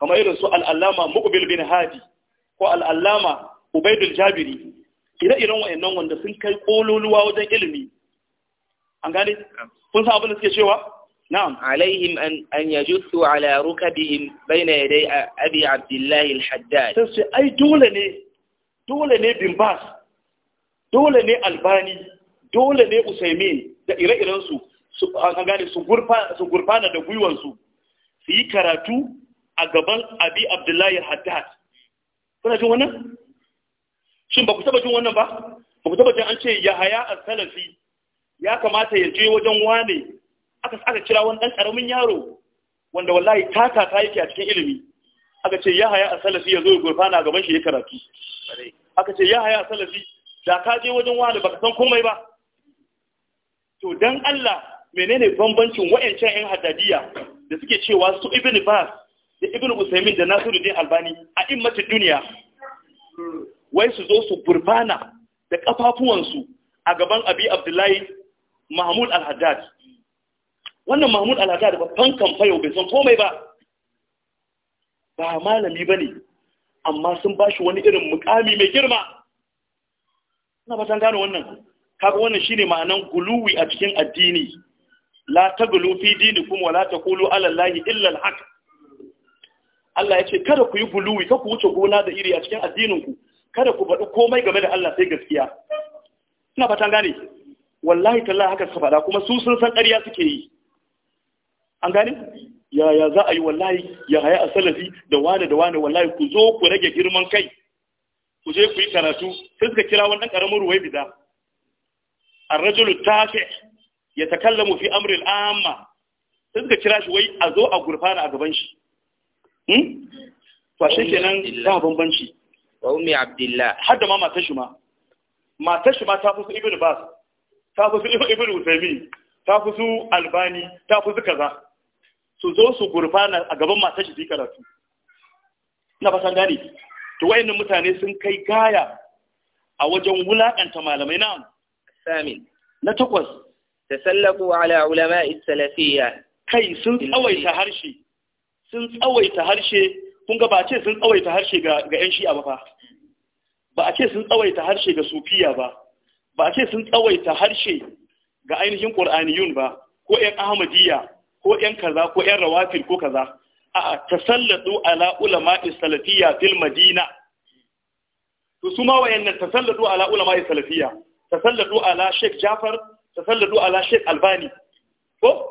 kamar irin su al'allama muqbil bin hadi ko al'allama ubaidul jabiri ire-iren wa'annan wanda sun kai kololuwa wajen ilimi an gane kun san abin da suke cewa نعم عليهم أن أن يجثوا على ركبهم بين يدي أبي عبد الله الحداد تسي أي دولة ني دولة ني بن دولة ني ألباني دولة ني أسيمين da ire-irensu an gane su gurfana da gwiwansu su yi karatu a gaban abi abdullahi haddad kuna jin wannan? shin ba ku jin wannan ba? ba ku jin an ce yahaya a salafi ya kamata ya je wajen wane aka aka kira wani dan karamin yaro wanda wallahi taka ta yake a cikin ilimi aka ce ya haya a salasi ya zo ya gurfana gaban shi ya karatu aka ce ya haya a da ka je wajen wani baka san komai ba to dan Allah menene bambancin wayancan yan haddadiya da suke cewa su ibnu bas da ibnu usaimin da nasiruddin albani a immatu duniya wai su zo su gurfana da kafafuwansu a gaban abi abdullahi mahmud al-haddad wannan mahmud al'adar da babban kamfayo bai san komai ba ba malami ba ne amma sun ba shi wani irin mukami mai girma na batan gano wannan kaga wannan shine ma'anan guluwi a cikin addini la taglu fi dini wa la ta kulu alallahi illa alhaq Allah ya ce kada ku yi guluwi kada ku wuce gona da iri a cikin addininku kada ku baɗi komai game da Allah sai gaskiya ina fatan gane wallahi tallahi haka su faɗa kuma su sun san ƙarya suke yi an gane ya za a yi wallahi ya haya a salafi da wane da wane wallahi ku zo ku rage girman kai ku je ku yi karatu sai suka kira wannan karamin ruwai bida ar-rajulu tafi ya takallamu fi amril amma sai suka kira shi wai a zo a gurfana a gaban shi hmm ke shi kenan a bambanci wa ummi abdullah har da ma matar shi ma matar shi ma ta fi ibnu bas ta fi ibnu utaymi ta fi albani ta fi kaza su zo su gurfana a gaban matar shi su na karatu ina fatan gane to wayannan mutane sun kai gaya a wajen wulakanta malamai na sami na takwas tasallaku ala ulama'i salafiyya kai sun tsawaita harshe sun tsawaita harshe kun ga ba ce sun tsawaita harshe ga ga yan shi'a ba fa ba a ce sun tsawaita harshe ga sufiya ba ba a ce sun tsawaita harshe ga ainihin qur'aniyun ba ko yan ahmadiyya ko ƴan kaza ko ƴan rawafil ko kaza a tasallatu ala ulama salafiyya fil madina to su ma wayannan tasallatu ala ulama salafiyya tasallatu ala Sheikh Jafar tasallatu ala Sheikh Albani ko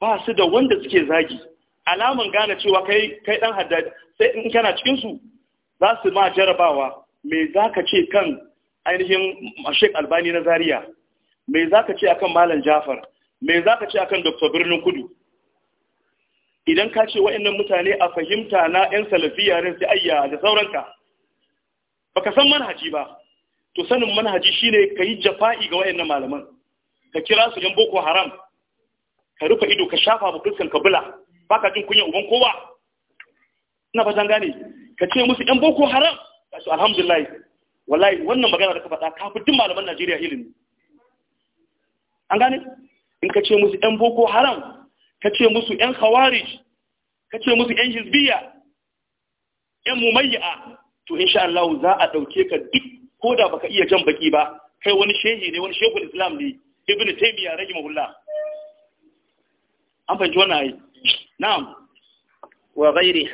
ba su da wanda suke zagi alaman gane cewa kai kai dan haddad sai in kana cikin su za su ma jarabawa me zaka ce kan ainihin Sheikh Albani na Zaria me zaka ce akan Malam Jafar me za ka ce akan Dr. Birnin Kudu? Idan ka ce wa'annan mutane a fahimta na 'yan salafiya ran sai ayya da sauranka, baka san manhaji ba, to sanin manhaji shine ka yi jafa'i ga wa'annan malaman, ka kira su 'yan Boko Haram, ka rufe ido ka shafa ma fuskan ka bula, ba ka jin kunya uban kowa. Ina fatan gane, ka ce musu 'yan Boko Haram, ka su alhamdulillah, wallahi wannan magana da ka faɗa kafin duk malaman Najeriya ilimi. An gane? in ka ce musu ‘yan boko haram ka ce musu ‘yan khawarij ka ce musu ‘yan hizbiya ‘yan mumayya'a, to insha Allah za a ɗauke ka duk ko da baka iya jan baki ba kai wani shehi ne wani shekul islam ne ibn taymiya rahimahullah an fahimci wannan na'am wa gairi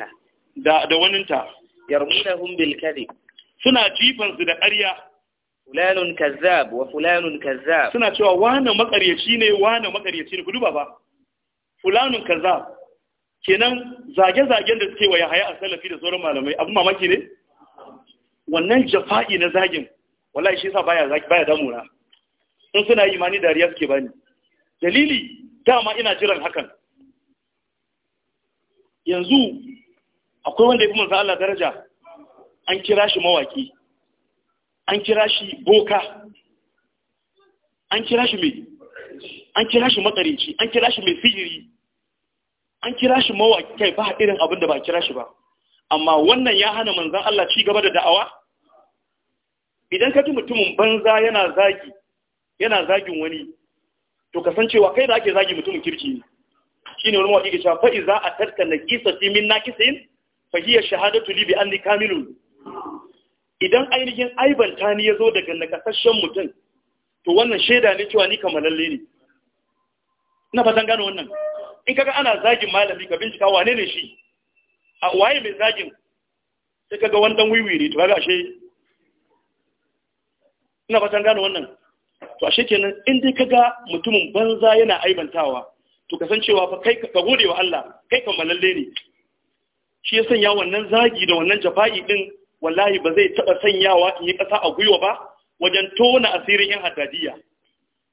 da da waninta yarmunahum bil kadhib suna jifan da ƙarya fulanun kazzab wa fulanun kazzab suna cewa wani makaryaci ne wani makaryaci ne ku duba ba fulanun kazzab kenan zage-zagen da suke wa yahaya a salafi da sauran malamai abin mamaki ne wannan jafa'i na zagin wallahi shi yasa baya zaki baya damuna in suna imani dariya suke bani dalili dama ina jiran hakan yanzu akwai wanda ya fi Allah daraja an kira shi mawaki an kira shi boka an kira shi mai an kira shi matsarinci an kira shi mai sihiri an kira shi mawaƙi kai ba irin abin da ba kira shi ba amma wannan ya hana manzan Allah ci gaba da da'awa idan ka ji mutumin banza yana zagi yana zagin wani to kasancewa kai da ake zagi mutumin kirki ne shine wani mawaƙi ke cewa a iza atatka naqisati min kisa yin fahiyar shahadatu li an anni kamilu idan ainihin aibanta ni ya zo daga nakasashen mutum to wannan shaida ne cewa ni kamalalle ne na fatan gano wannan in kaga ana zagin malami ka bincika wane ne shi a waye mai zagin sai kaga wani dan wiwiri to kaga ashe ina fatan gano wannan to ashe kenan in dai kaga mutumin banza yana aibantawa to kasancewa fa kai ka gode wa Allah kai kamalalle ne shi ya sanya wannan zagi da wannan jafa'i din wallahi ba zai taɓa sanyawa in yi ƙasa a gwiwa ba wajen tona asirin yan haddadiya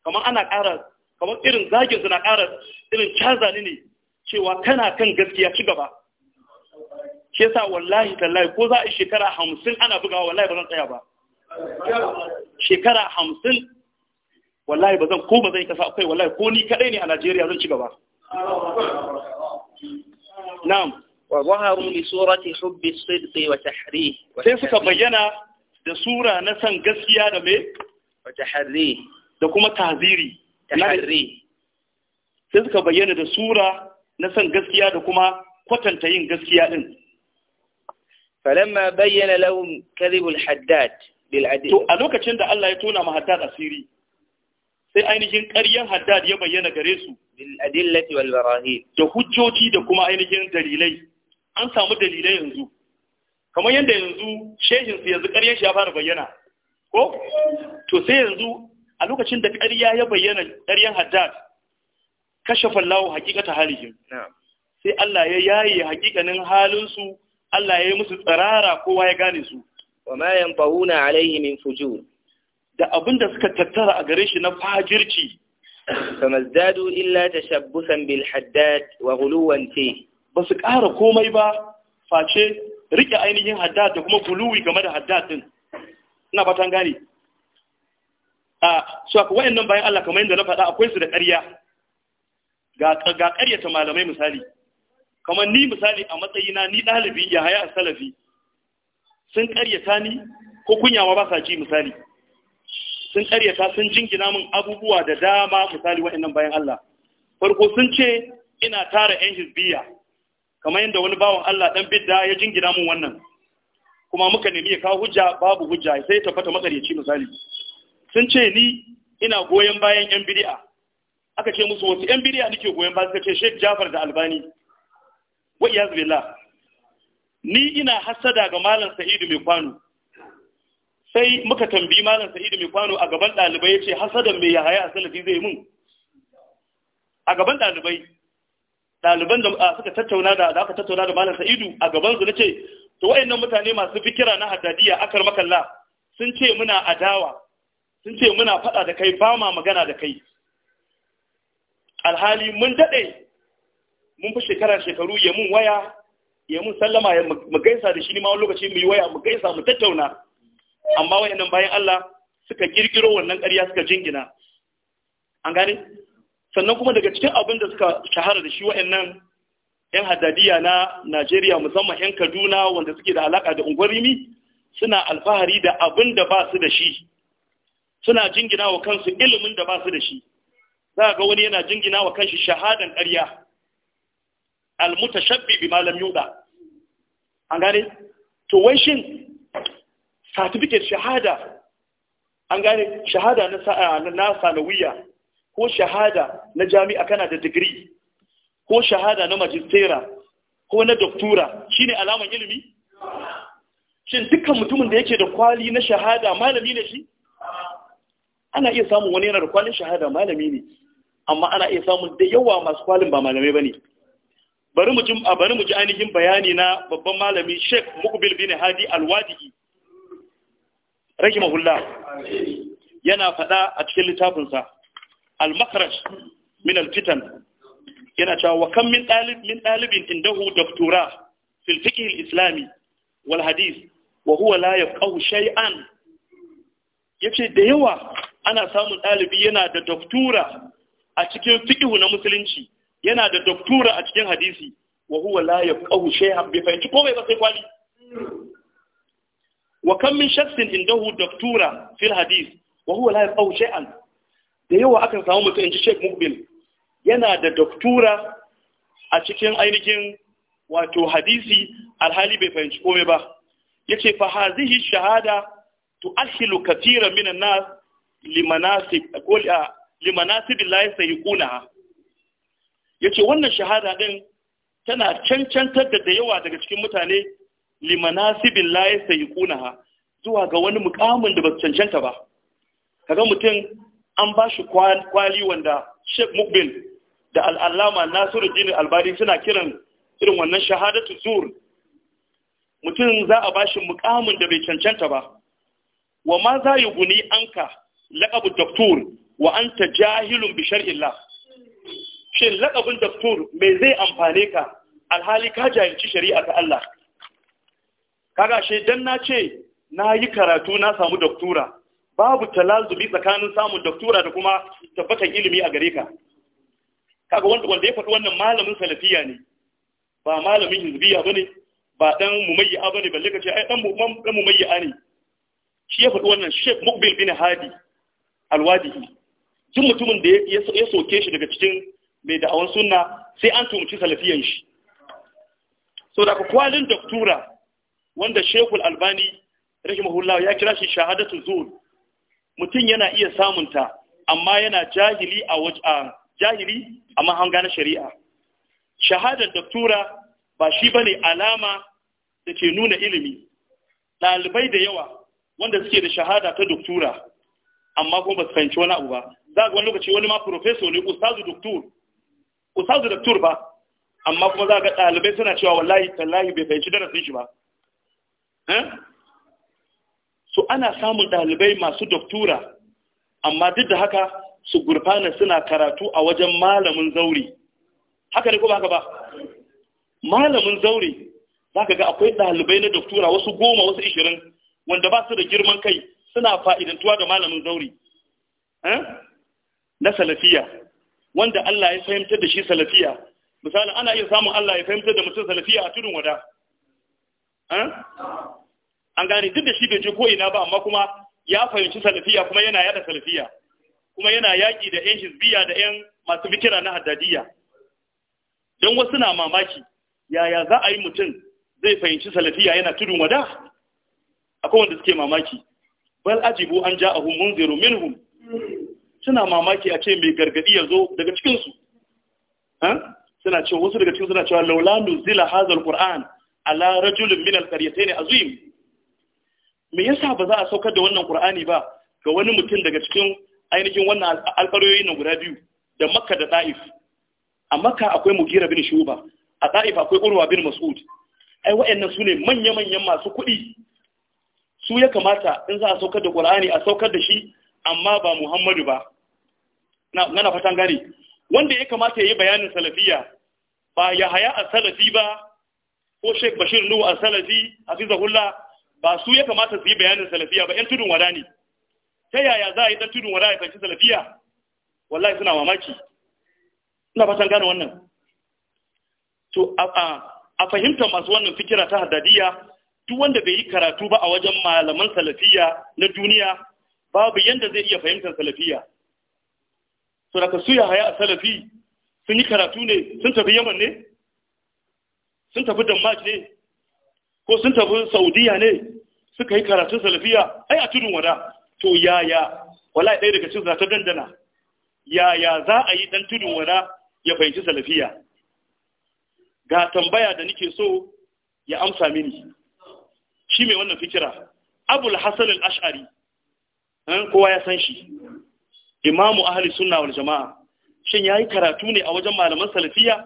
kamar ana ƙara kamar irin zagin suna na ƙara irin caza ne cewa kana kan gaskiya ci gaba shi yasa wallahi tallahi ko za a yi shekara hamsin ana bugawa wallahi ba zan tsaya ba shekara hamsin wallahi ba zan ko ba zan yi ƙasa akwai wallahi ko ni kaɗai ne a najeriya zan ci gaba na'am wa zaharu li surati hubbi sidqi wa tahrih sai suka bayyana da sura na san gaskiya da me wa tahrih da kuma taziri tahrih sai suka bayyana da sura na san gaskiya da kuma kwatanta yin gaskiya din falamma bayyana lahum kadhibul haddad bil adil a lokacin da Allah ya tona ma haddad asiri sai ainihin ƙaryan haddad ya bayyana gare su bil adillati wal barahim da hujjoji da kuma ainihin dalilai an samu dalilai yanzu kamar yadda yanzu shehinsu yanzu karyar shi ya fara bayyana ko to sai yanzu a lokacin da ƙarya ya bayyana karyar haddad kashe fallawo hakikata halihin sai Allah ya yaye hakikanin halinsu Allah ya yi musu tsirara kowa ya gane su wa ma yanfa'una alaihi min fujur da abin da suka tattara a gare shi na fajirci illa ازدادوا إلا تشبثا wa وغلوا فيه ba su ƙara komai ba face riƙe ainihin haddad da kuma kuluwi game da haddad din ina fatan gane a so akwai wayannan bayan Allah kamar inda na faɗa akwai su da ƙarya ga ga ta malamai misali kamar ni misali a matsayina ni ɗalibi ya haya a salafi sun ƙaryata ni ko kunyawa ba sa ji misali sun ƙaryata sun jingina min abubuwa da dama misali wayannan bayan Allah farko sun ce ina tara yan kamar yadda wani bawan Allah dan bidda ya jingina mun wannan kuma muka nemi ya kawo hujja babu hujja sai ta fata makareci misali sun ce ni ina goyon bayan yan bid'a aka ce musu wasu yan bid'a nake goyon bayan sai ce Sheikh Jafar da Albani wa iyaz billah ni ina hasada ga malam Sa'idu mai kwano sai muka tambayi malam Sa'idu mai kwano a gaban dalibai yace hasadan mai yahaya haya a zai mun a gaban dalibai ɗaliban da suka tattauna da aka tattauna da malam sa'idu a gaban su nace to wayannan mutane masu fikira na hadadiya akar makalla sun ce muna adawa sun ce muna faɗa da kai ba ma magana da kai alhali mun daɗe mun fi shekara shekaru ya mun waya ya mun sallama ya mu gaisa da shi ma wani lokaci mu yi waya mu gaisa mu tattauna amma wayannan bayan Allah suka kirkiro wannan ƙarya suka jingina an gane sannan kuma daga cikin abin da suka shahara da shi wa'annan yan haddadiya na Najeriya musamman yan Kaduna wanda suke da alaka da ungwarimi suna alfahari da abin da ba su da shi suna jingina wa kansu ilimin da ba su da shi za ga wani yana jingina wa kanshi shahadan ƙarya almutashabbi bi malam yuda an gane to wai shin certificate shahada an gane shahada na na sanawiya ko shahada na jami'a kana da digiri ko shahada na majistera ko na doktura shine alaman ilimi shin dukkan mutumin da yake da kwali na shahada malami ne shi ana iya samun wani yana da kwalin shahada malami ne amma ana iya samun da yawa masu kwalin ba malamai bane bari mu ji bari mu ji ainihin bayani na babban malami Sheikh Mukbil bin Hadi al rahimahullah yana faɗa a cikin littafinsa al-makaraj min al yana cewa wa kan min dalib min dalibin indahu doktora fil fiqh al-islami wal hadith wa huwa la yafqahu shay'an ce da yawa ana samun dalibi yana da doktora a cikin fiqh na musulunci yana da doktora a cikin hadisi wa huwa la yafqahu shay'an bai fahimci ko bai ba sai kwali wa kan min shakhsin indahu doktora fil hadith wa huwa la yafqahu shay'an da yawa akan samu mutum inji Sheikh yana da doktura a cikin ainihin wato hadisi alhali bai fahimci komai ba yace fa hazihi shahada tu'akhilu kathiran minan nas limanasib qul limanasib Allah sayquna yace wannan shahada din tana cancantar da yawa daga cikin mutane limanasibin layi sai zuwa ga wani mukamin da ba su cancanta ba kaga mutum an ba shi kwali wanda Sheikh Mubin da al'allama Nasiruddin Albani suna kiran irin wannan shahadatu zur mutum za a ba shi mukamin da bai cancanta ba wa ma za yi guni anka laqabu doktor wa anta jahilun bi shar'illah shin laqabin doktor me zai amfane ka alhali ka jahilci shari'a ta Allah kaga she dan na ce na yi karatu na samu doktora babu talazubi tsakanin samun doktora da kuma tabbatar ilimi a gare ka kaga wanda wanda ya faɗi wannan malamin salafiya ne ba malamin hizbiya bane ba dan mumayya bane balle ka ce ai dan dan mumayya ne shi ya faɗi wannan Sheikh Mukbil bin Hadi Alwadi tun mutumin da ya soke shi daga cikin mai da'awan sunna sai an tumci salafiyan shi so da kwalin doktora wanda Shekul Albani rahimahullah ya kira shi shahadatu zuhur mutum yana iya samunta amma yana jahili a wajen jahili a mahanga na shari'a shahadar doktora ba shi bane alama da ke nuna ilimi ɗalibai da yawa wanda suke da shahada ta doktora amma kuma ba su fahimci wani abu ba za ga wani lokaci wani ma professor ne ustazu doktor ustazu doktor ba amma kuma za ga ɗalibai suna cewa wallahi tallahi bai fahimci darasin shi ba eh? so ana samun ɗalibai masu doktura amma duk da haka su gurfana suna karatu a wajen malamin zauri haka ne ko haka ba malamin zauri za ka ga akwai ɗalibai na doktura wasu goma wasu ishirin wanda ba su da girman kai suna fa'idantuwa da malamin zauri eh? na salafiya wanda Allah ya fahimtar da shi salafiya misali ana iya samun Allah ya fahimtar da mutum salafiya a tudun wada eh? an gane duk da shi bai je ko ina ba amma kuma ya fahimci salafiya kuma yana yada salafiya kuma yana yaƙi da 'yan hizbiya da 'yan masu fikira na haddadiya don wasu na mamaki yaya za a yi mutum zai fahimci salafiya yana tudun wada akwai wanda suke mamaki bal ajibu an ja a hummun zero minhum suna mamaki a ce mai gargadi ya zo daga cikinsu suna cewa wasu daga cikin suna cewa laula nuzila hazal qur'an ala Karyatai min a azim me yasa ba za a saukar da wannan qur'ani ba ga wani mutum daga cikin ainihin wannan alƙaryoyi na guda biyu da makka da ta'if a makka akwai mugira bin shuba a ta'if akwai urwa bin mas'ud ai waɗannan su ne manya-manyan masu kuɗi su ya kamata in za a saukar da qur'ani a saukar da shi amma ba muhammadu ba na fatan gane wanda ya kamata ya yi bayanin salafiya ba Yahaya haya a salafi ba ko sheik bashir nuhu a salafi a fi ba su ya kamata su yi bayanin salafiya ba yan tudun wada ne ta yaya za a yi ɗan tudun wada ya fahimci salafiya wallahi suna mamaki ina fatan gane wannan to a fahimtar masu wannan fikira ta haddadiya duk wanda bai yi karatu ba a wajen malaman salafiya na duniya babu yadda zai iya fahimtar salafiya so daga su ya haya a salafi sun yi karatu ne sun tafi yaman ne sun tafi damaj ne ko sun tafi saudiya ne suka yi karatun salafiya ai a tudun wada to yaya wala ɗaya daga cin ta dandana yaya za a yi dan tudun wada ya fahimci salafiya ga tambaya da nike so ya amsa mini shi mai wannan fikira abul hasan al-ash'ari an eh, kowa ya san shi imamu ahli sunna wal jama'a shin yayi karatu ne a wajen malaman salafiya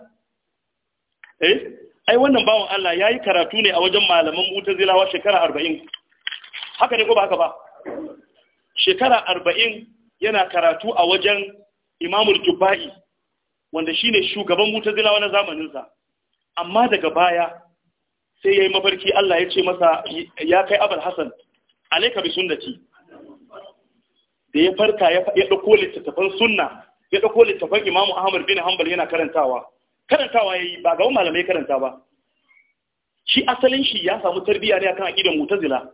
eh ai wannan bawan Allah ya yi karatu ne a wajen malaman zilawa shekara arba'in haka ne ko ba haka ba shekara arba'in yana karatu a wajen imamul jubba'i wanda shi ne shugaban zilawa na zamaninsa amma daga baya sai ya yi mafarki Allah ya ce masa ya kai abal Hassan, alaika bi sunnati da ya farka ya ɗauko littattafan sunna ya ɗauko littattafan imamu ahmad bin hanbal yana karantawa karantawa yayi ba ga malamai karanta ba shi asalin shi ya samu tarbiyya ne akan aqidar mu'tazila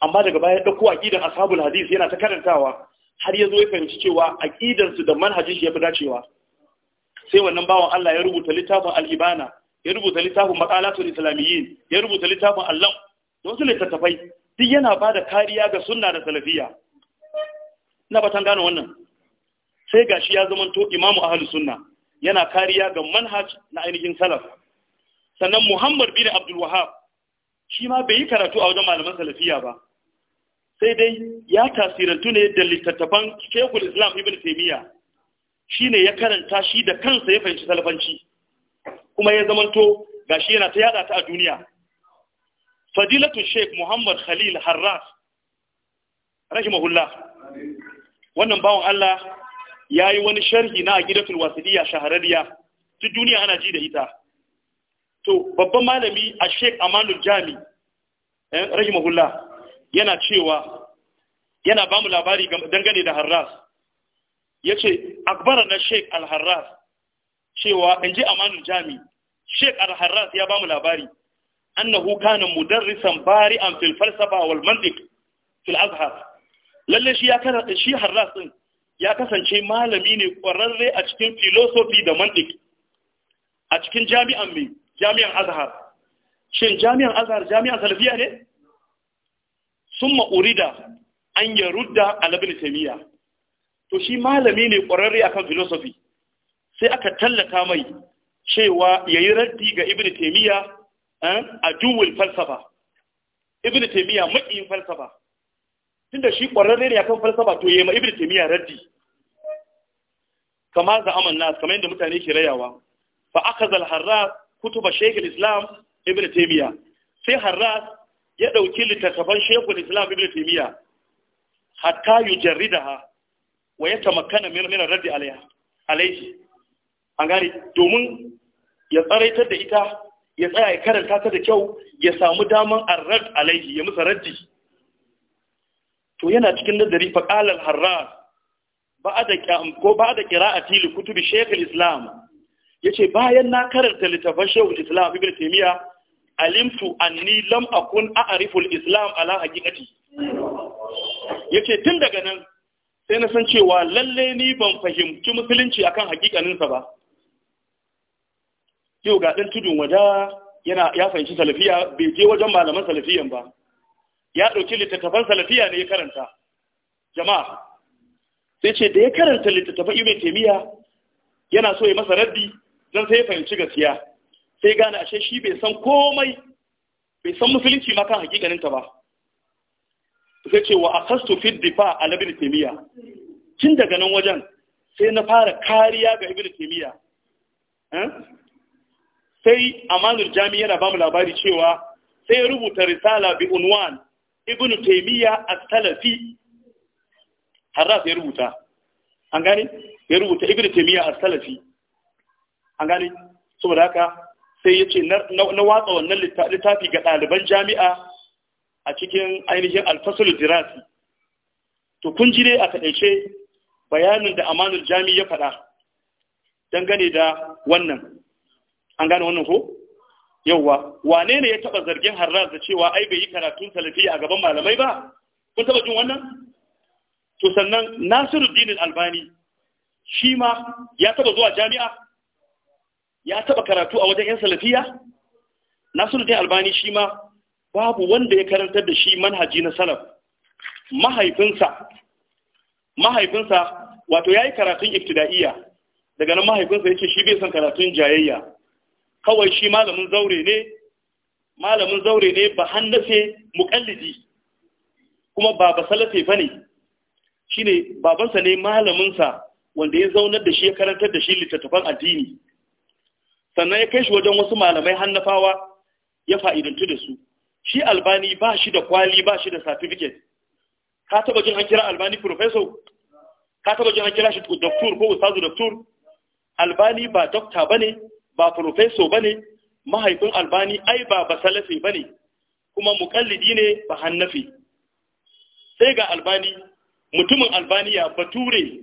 amma daga baya ɗauko aqidar ashabul hadis yana ta karantawa har ya zo ya fahimci cewa aqidar su da manhajin shi yafi dacewa sai wannan bawan Allah ya rubuta littafin al-ibana ya rubuta littafin maqalatul islamiyyin ya rubuta littafin allon, da wasu littattafai duk yana bada kariya ga sunna da salafiyya na batan gano wannan sai gashi ya zama to imamu ahlus sunna yana kariya ga manhaj na ainihin salaf sannan muhammad bin abdul wahab shi ma bai yi karatu a wajen malaman salafiya ba sai dai ya tasirantu ne da littattafan shekul islam ibn taimiyya shi ne ya karanta shi da kansa ya fahimci salafanci kuma ya zamanto ga shi yana ta yada ta a duniya fadilatu sheikh muhammad khalil harras rahimahullah wannan bawon allah ya yi wani sharhi na gidatul wasiliyya shahararriya ta duniya ana ji da ita to babban malami a sheik amanul jami eh, rahimahullah yana cewa yana ba mu labari dangane da harras ya ce akbara na sheik alharras cewa in ji amanul jami sheik alharras ya ba mu labari annahu kana mudarrisan bari'an fil falsafa wal mantiq fil azhar lalle shi ya kana shi harras ɗin. ya kasance malami ne ƙwararre a cikin filosofi da mantik a cikin jami'an mai jami'an azhar shin jami'an azhar jami'an salafiya ne sun ma'urida an yi rudda alabin taimiyya to shi malami ne ƙwararre akan filosofi sai aka tallata mai cewa ya yi raddi ga ibn taimiyya eh, a duwul falsafa ibn taimiyya ma'in falsafa tunda shi ƙwararre ne akan falsafa to yayi ma ibnu taymiya raddi kama za amanna kamar yadda mutane ke rayawa fa akhadha al-harras kutuba shaykh al-islam ibnu taymiya sai harras ya dauki littattafan shaykh al-islam ibnu taymiya hatta yujarridaha wa yatamakkana min min raddi alaiha alayhi? an gane domin ya tsaraitar da ita ya tsaya ya karanta ta da kyau ya samu daman arrad alaihi ya musa raddi to yana cikin nazari faƙalar harras ko ba da kira a tilin kutubi shekul islam ya ce bayan na karanta littafan shekul islam ibn taimiyya alimtu anni lam akun a'riful islam ala haqiqati yace tun daga nan sai na san cewa lalle ni ban fahimci musulunci akan haƙiƙaninsa ba yau ga ɗan tudun wada yana ya fahimci salafiya bai je wajen malaman salafiyan ba ya ɗauki littattafan salafiya ne ya karanta jama'a sai ce da ya karanta littattafan ibe temiya yana so ya masa raddi don sai ya fahimci gaskiya sai gane ashe shi bai san komai bai san musulunci ma kan hakikaninta ba sai ce wa kastu fit difa a labin temiya tun daga nan wajen sai na fara kariya ga ibe temiya eh? sai amanul jami yana ba mu labari cewa sai ya rubuta risala bi unwan ibn taymiya as-salafi harraf ya rubuta an gani ya rubuta ibn taymiya as-salafi an gani saboda haka sai ya ce na watsa wannan littafi ga ɗaliban jami'a a cikin ainihin alfasul dirasi to kun ji dai a taɗaice bayanin da amanul jami ya faɗa dangane da wannan an gane wannan ko yauwa wane ne ya taba zargin harraz da cewa ai bai yi karatun salafiya a gaban malamai ba kun taba jin wannan to sannan nasiruddin albani shi ma ya taba zuwa jami'a ya taba karatu a wajen yan salafiya nasiruddin albani shi ma babu wanda ya karantar da shi manhaji na salaf mahaifinsa mahaifinsa wato yayi karatun ibtida'iyya daga nan mahaifinsa yake shi bai son karatun jayayya kawai shi malamin zaure ne malamin zaure ne ba hannafe muƙallidi kuma ba ba salafe ba ne shi ne babansa ne malaminsa wanda ya zaunar da shi ya karantar da shi littattafan addini sannan ya kai shi wajen wasu malamai hannafawa ya fa'idantu da su shi albani ba shi da kwali ba shi da certificate ka taba jin an kira albani professor ka taba jin an kira shi doctor ko ustazu doctor albani ba doctor bane ba profeso bane mahaifin albani ai ba basalafi bane kuma muƙallidi ne ba hannafi sai ga albani mutumin albaniya bature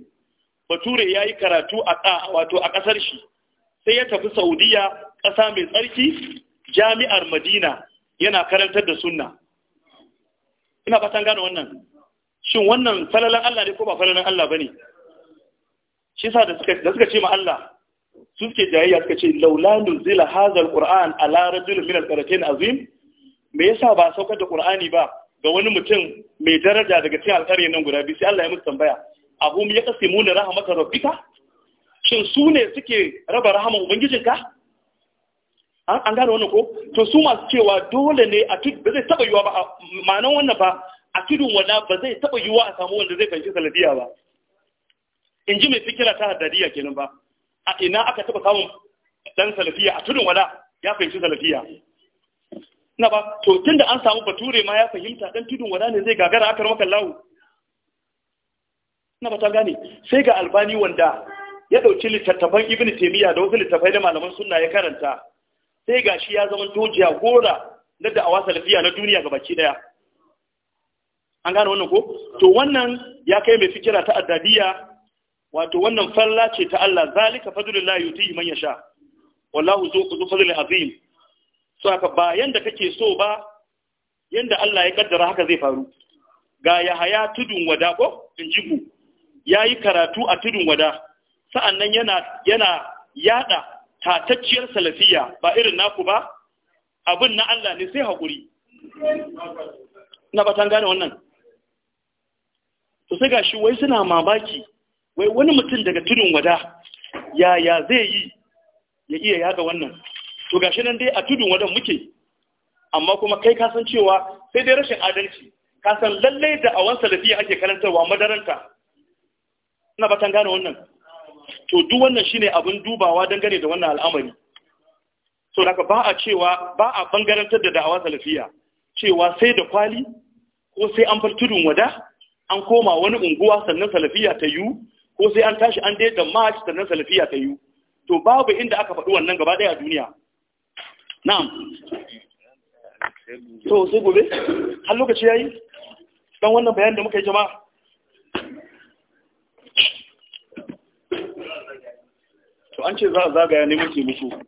bature ya yi karatu a wato a ƙasar shi sai ya tafi saudiya ƙasa mai tsarki jami'ar madina yana karantar da sunna ina fatan gane wannan shin wannan falalan Allah ne ko ba falalan Allah ba ne shi sa da suka ce ma Allah sun ke jayayya suka ce laula nuzila hazal qur'an ala rajul min al-qaratayn azim me yasa ba saukar da qur'ani ba ga wani mutum mai daraja daga cikin alƙarya nan guda biyu sai Allah ya musu tambaya abu ya rahmatar rabbika shin su ne suke raba rahaman ubangijinka an gane wannan ko to su masu cewa dole ne a tudu ba zai taba yiwa ba ma'anar wannan ba a tudun wala ba zai taba yiwa a samu wanda zai fahimci saladiya ba in ji mai fikira ta haddadiya kenan ba a ina aka taɓa samun ɗan salafiya a tudun wada ya fahimci salafiya na ba to tun da an samu bature ma ya fahimta ɗan tudun wada ne zai gagara aka maka lawo na ba ta gane sai ga albani wanda ya ɗauki littattafan ibn taimiyya da wasu littattafai da malaman sunna ya karanta sai ga shi ya zama tojiya gora na da'awa salafiya na duniya baki daya an gane wannan ko to wannan ya kai mai fikira ta addadiya wato wannan falla ce ta Allah zalika fadlullah yutihi man yasha wallahu zu fadlil azim so aka ba yanda kake so ba yanda Allah ya kaddara haka zai faru ga Yahaya tudun wada ko injibu yayi karatu a tudun wada sa'annan yana yana yada tatacciyar salafiya ba irin naku ba abin na Allah ne sai hakuri na batan gane wannan to sai gashi wai suna mamaki wai wani mutum daga tudun wada yaya zai yi ya iya yaga wannan to gashi nan dai a tudun wadan muke amma kuma kai ka san cewa sai dai rashin adalci ka san lallai da awan salafiya ake karantarwa madaranta ina ba tan gane wannan to duk wannan shine abin dubawa dangane da wannan al'amari so daga ba a cewa ba a bangarantar da da'awa salafiya cewa sai da kwali ko sai an bar tudun wada an koma wani unguwa sannan salafiya ta yiwu ko sai an tashi an daidai da march sannan salafiya ta yi to babu inda aka faɗi wannan gaba ɗaya a duniya na'am to sai gobe har lokaci yi don wannan bayan da muka yi jama'a to an ce za a zagaya neman taimako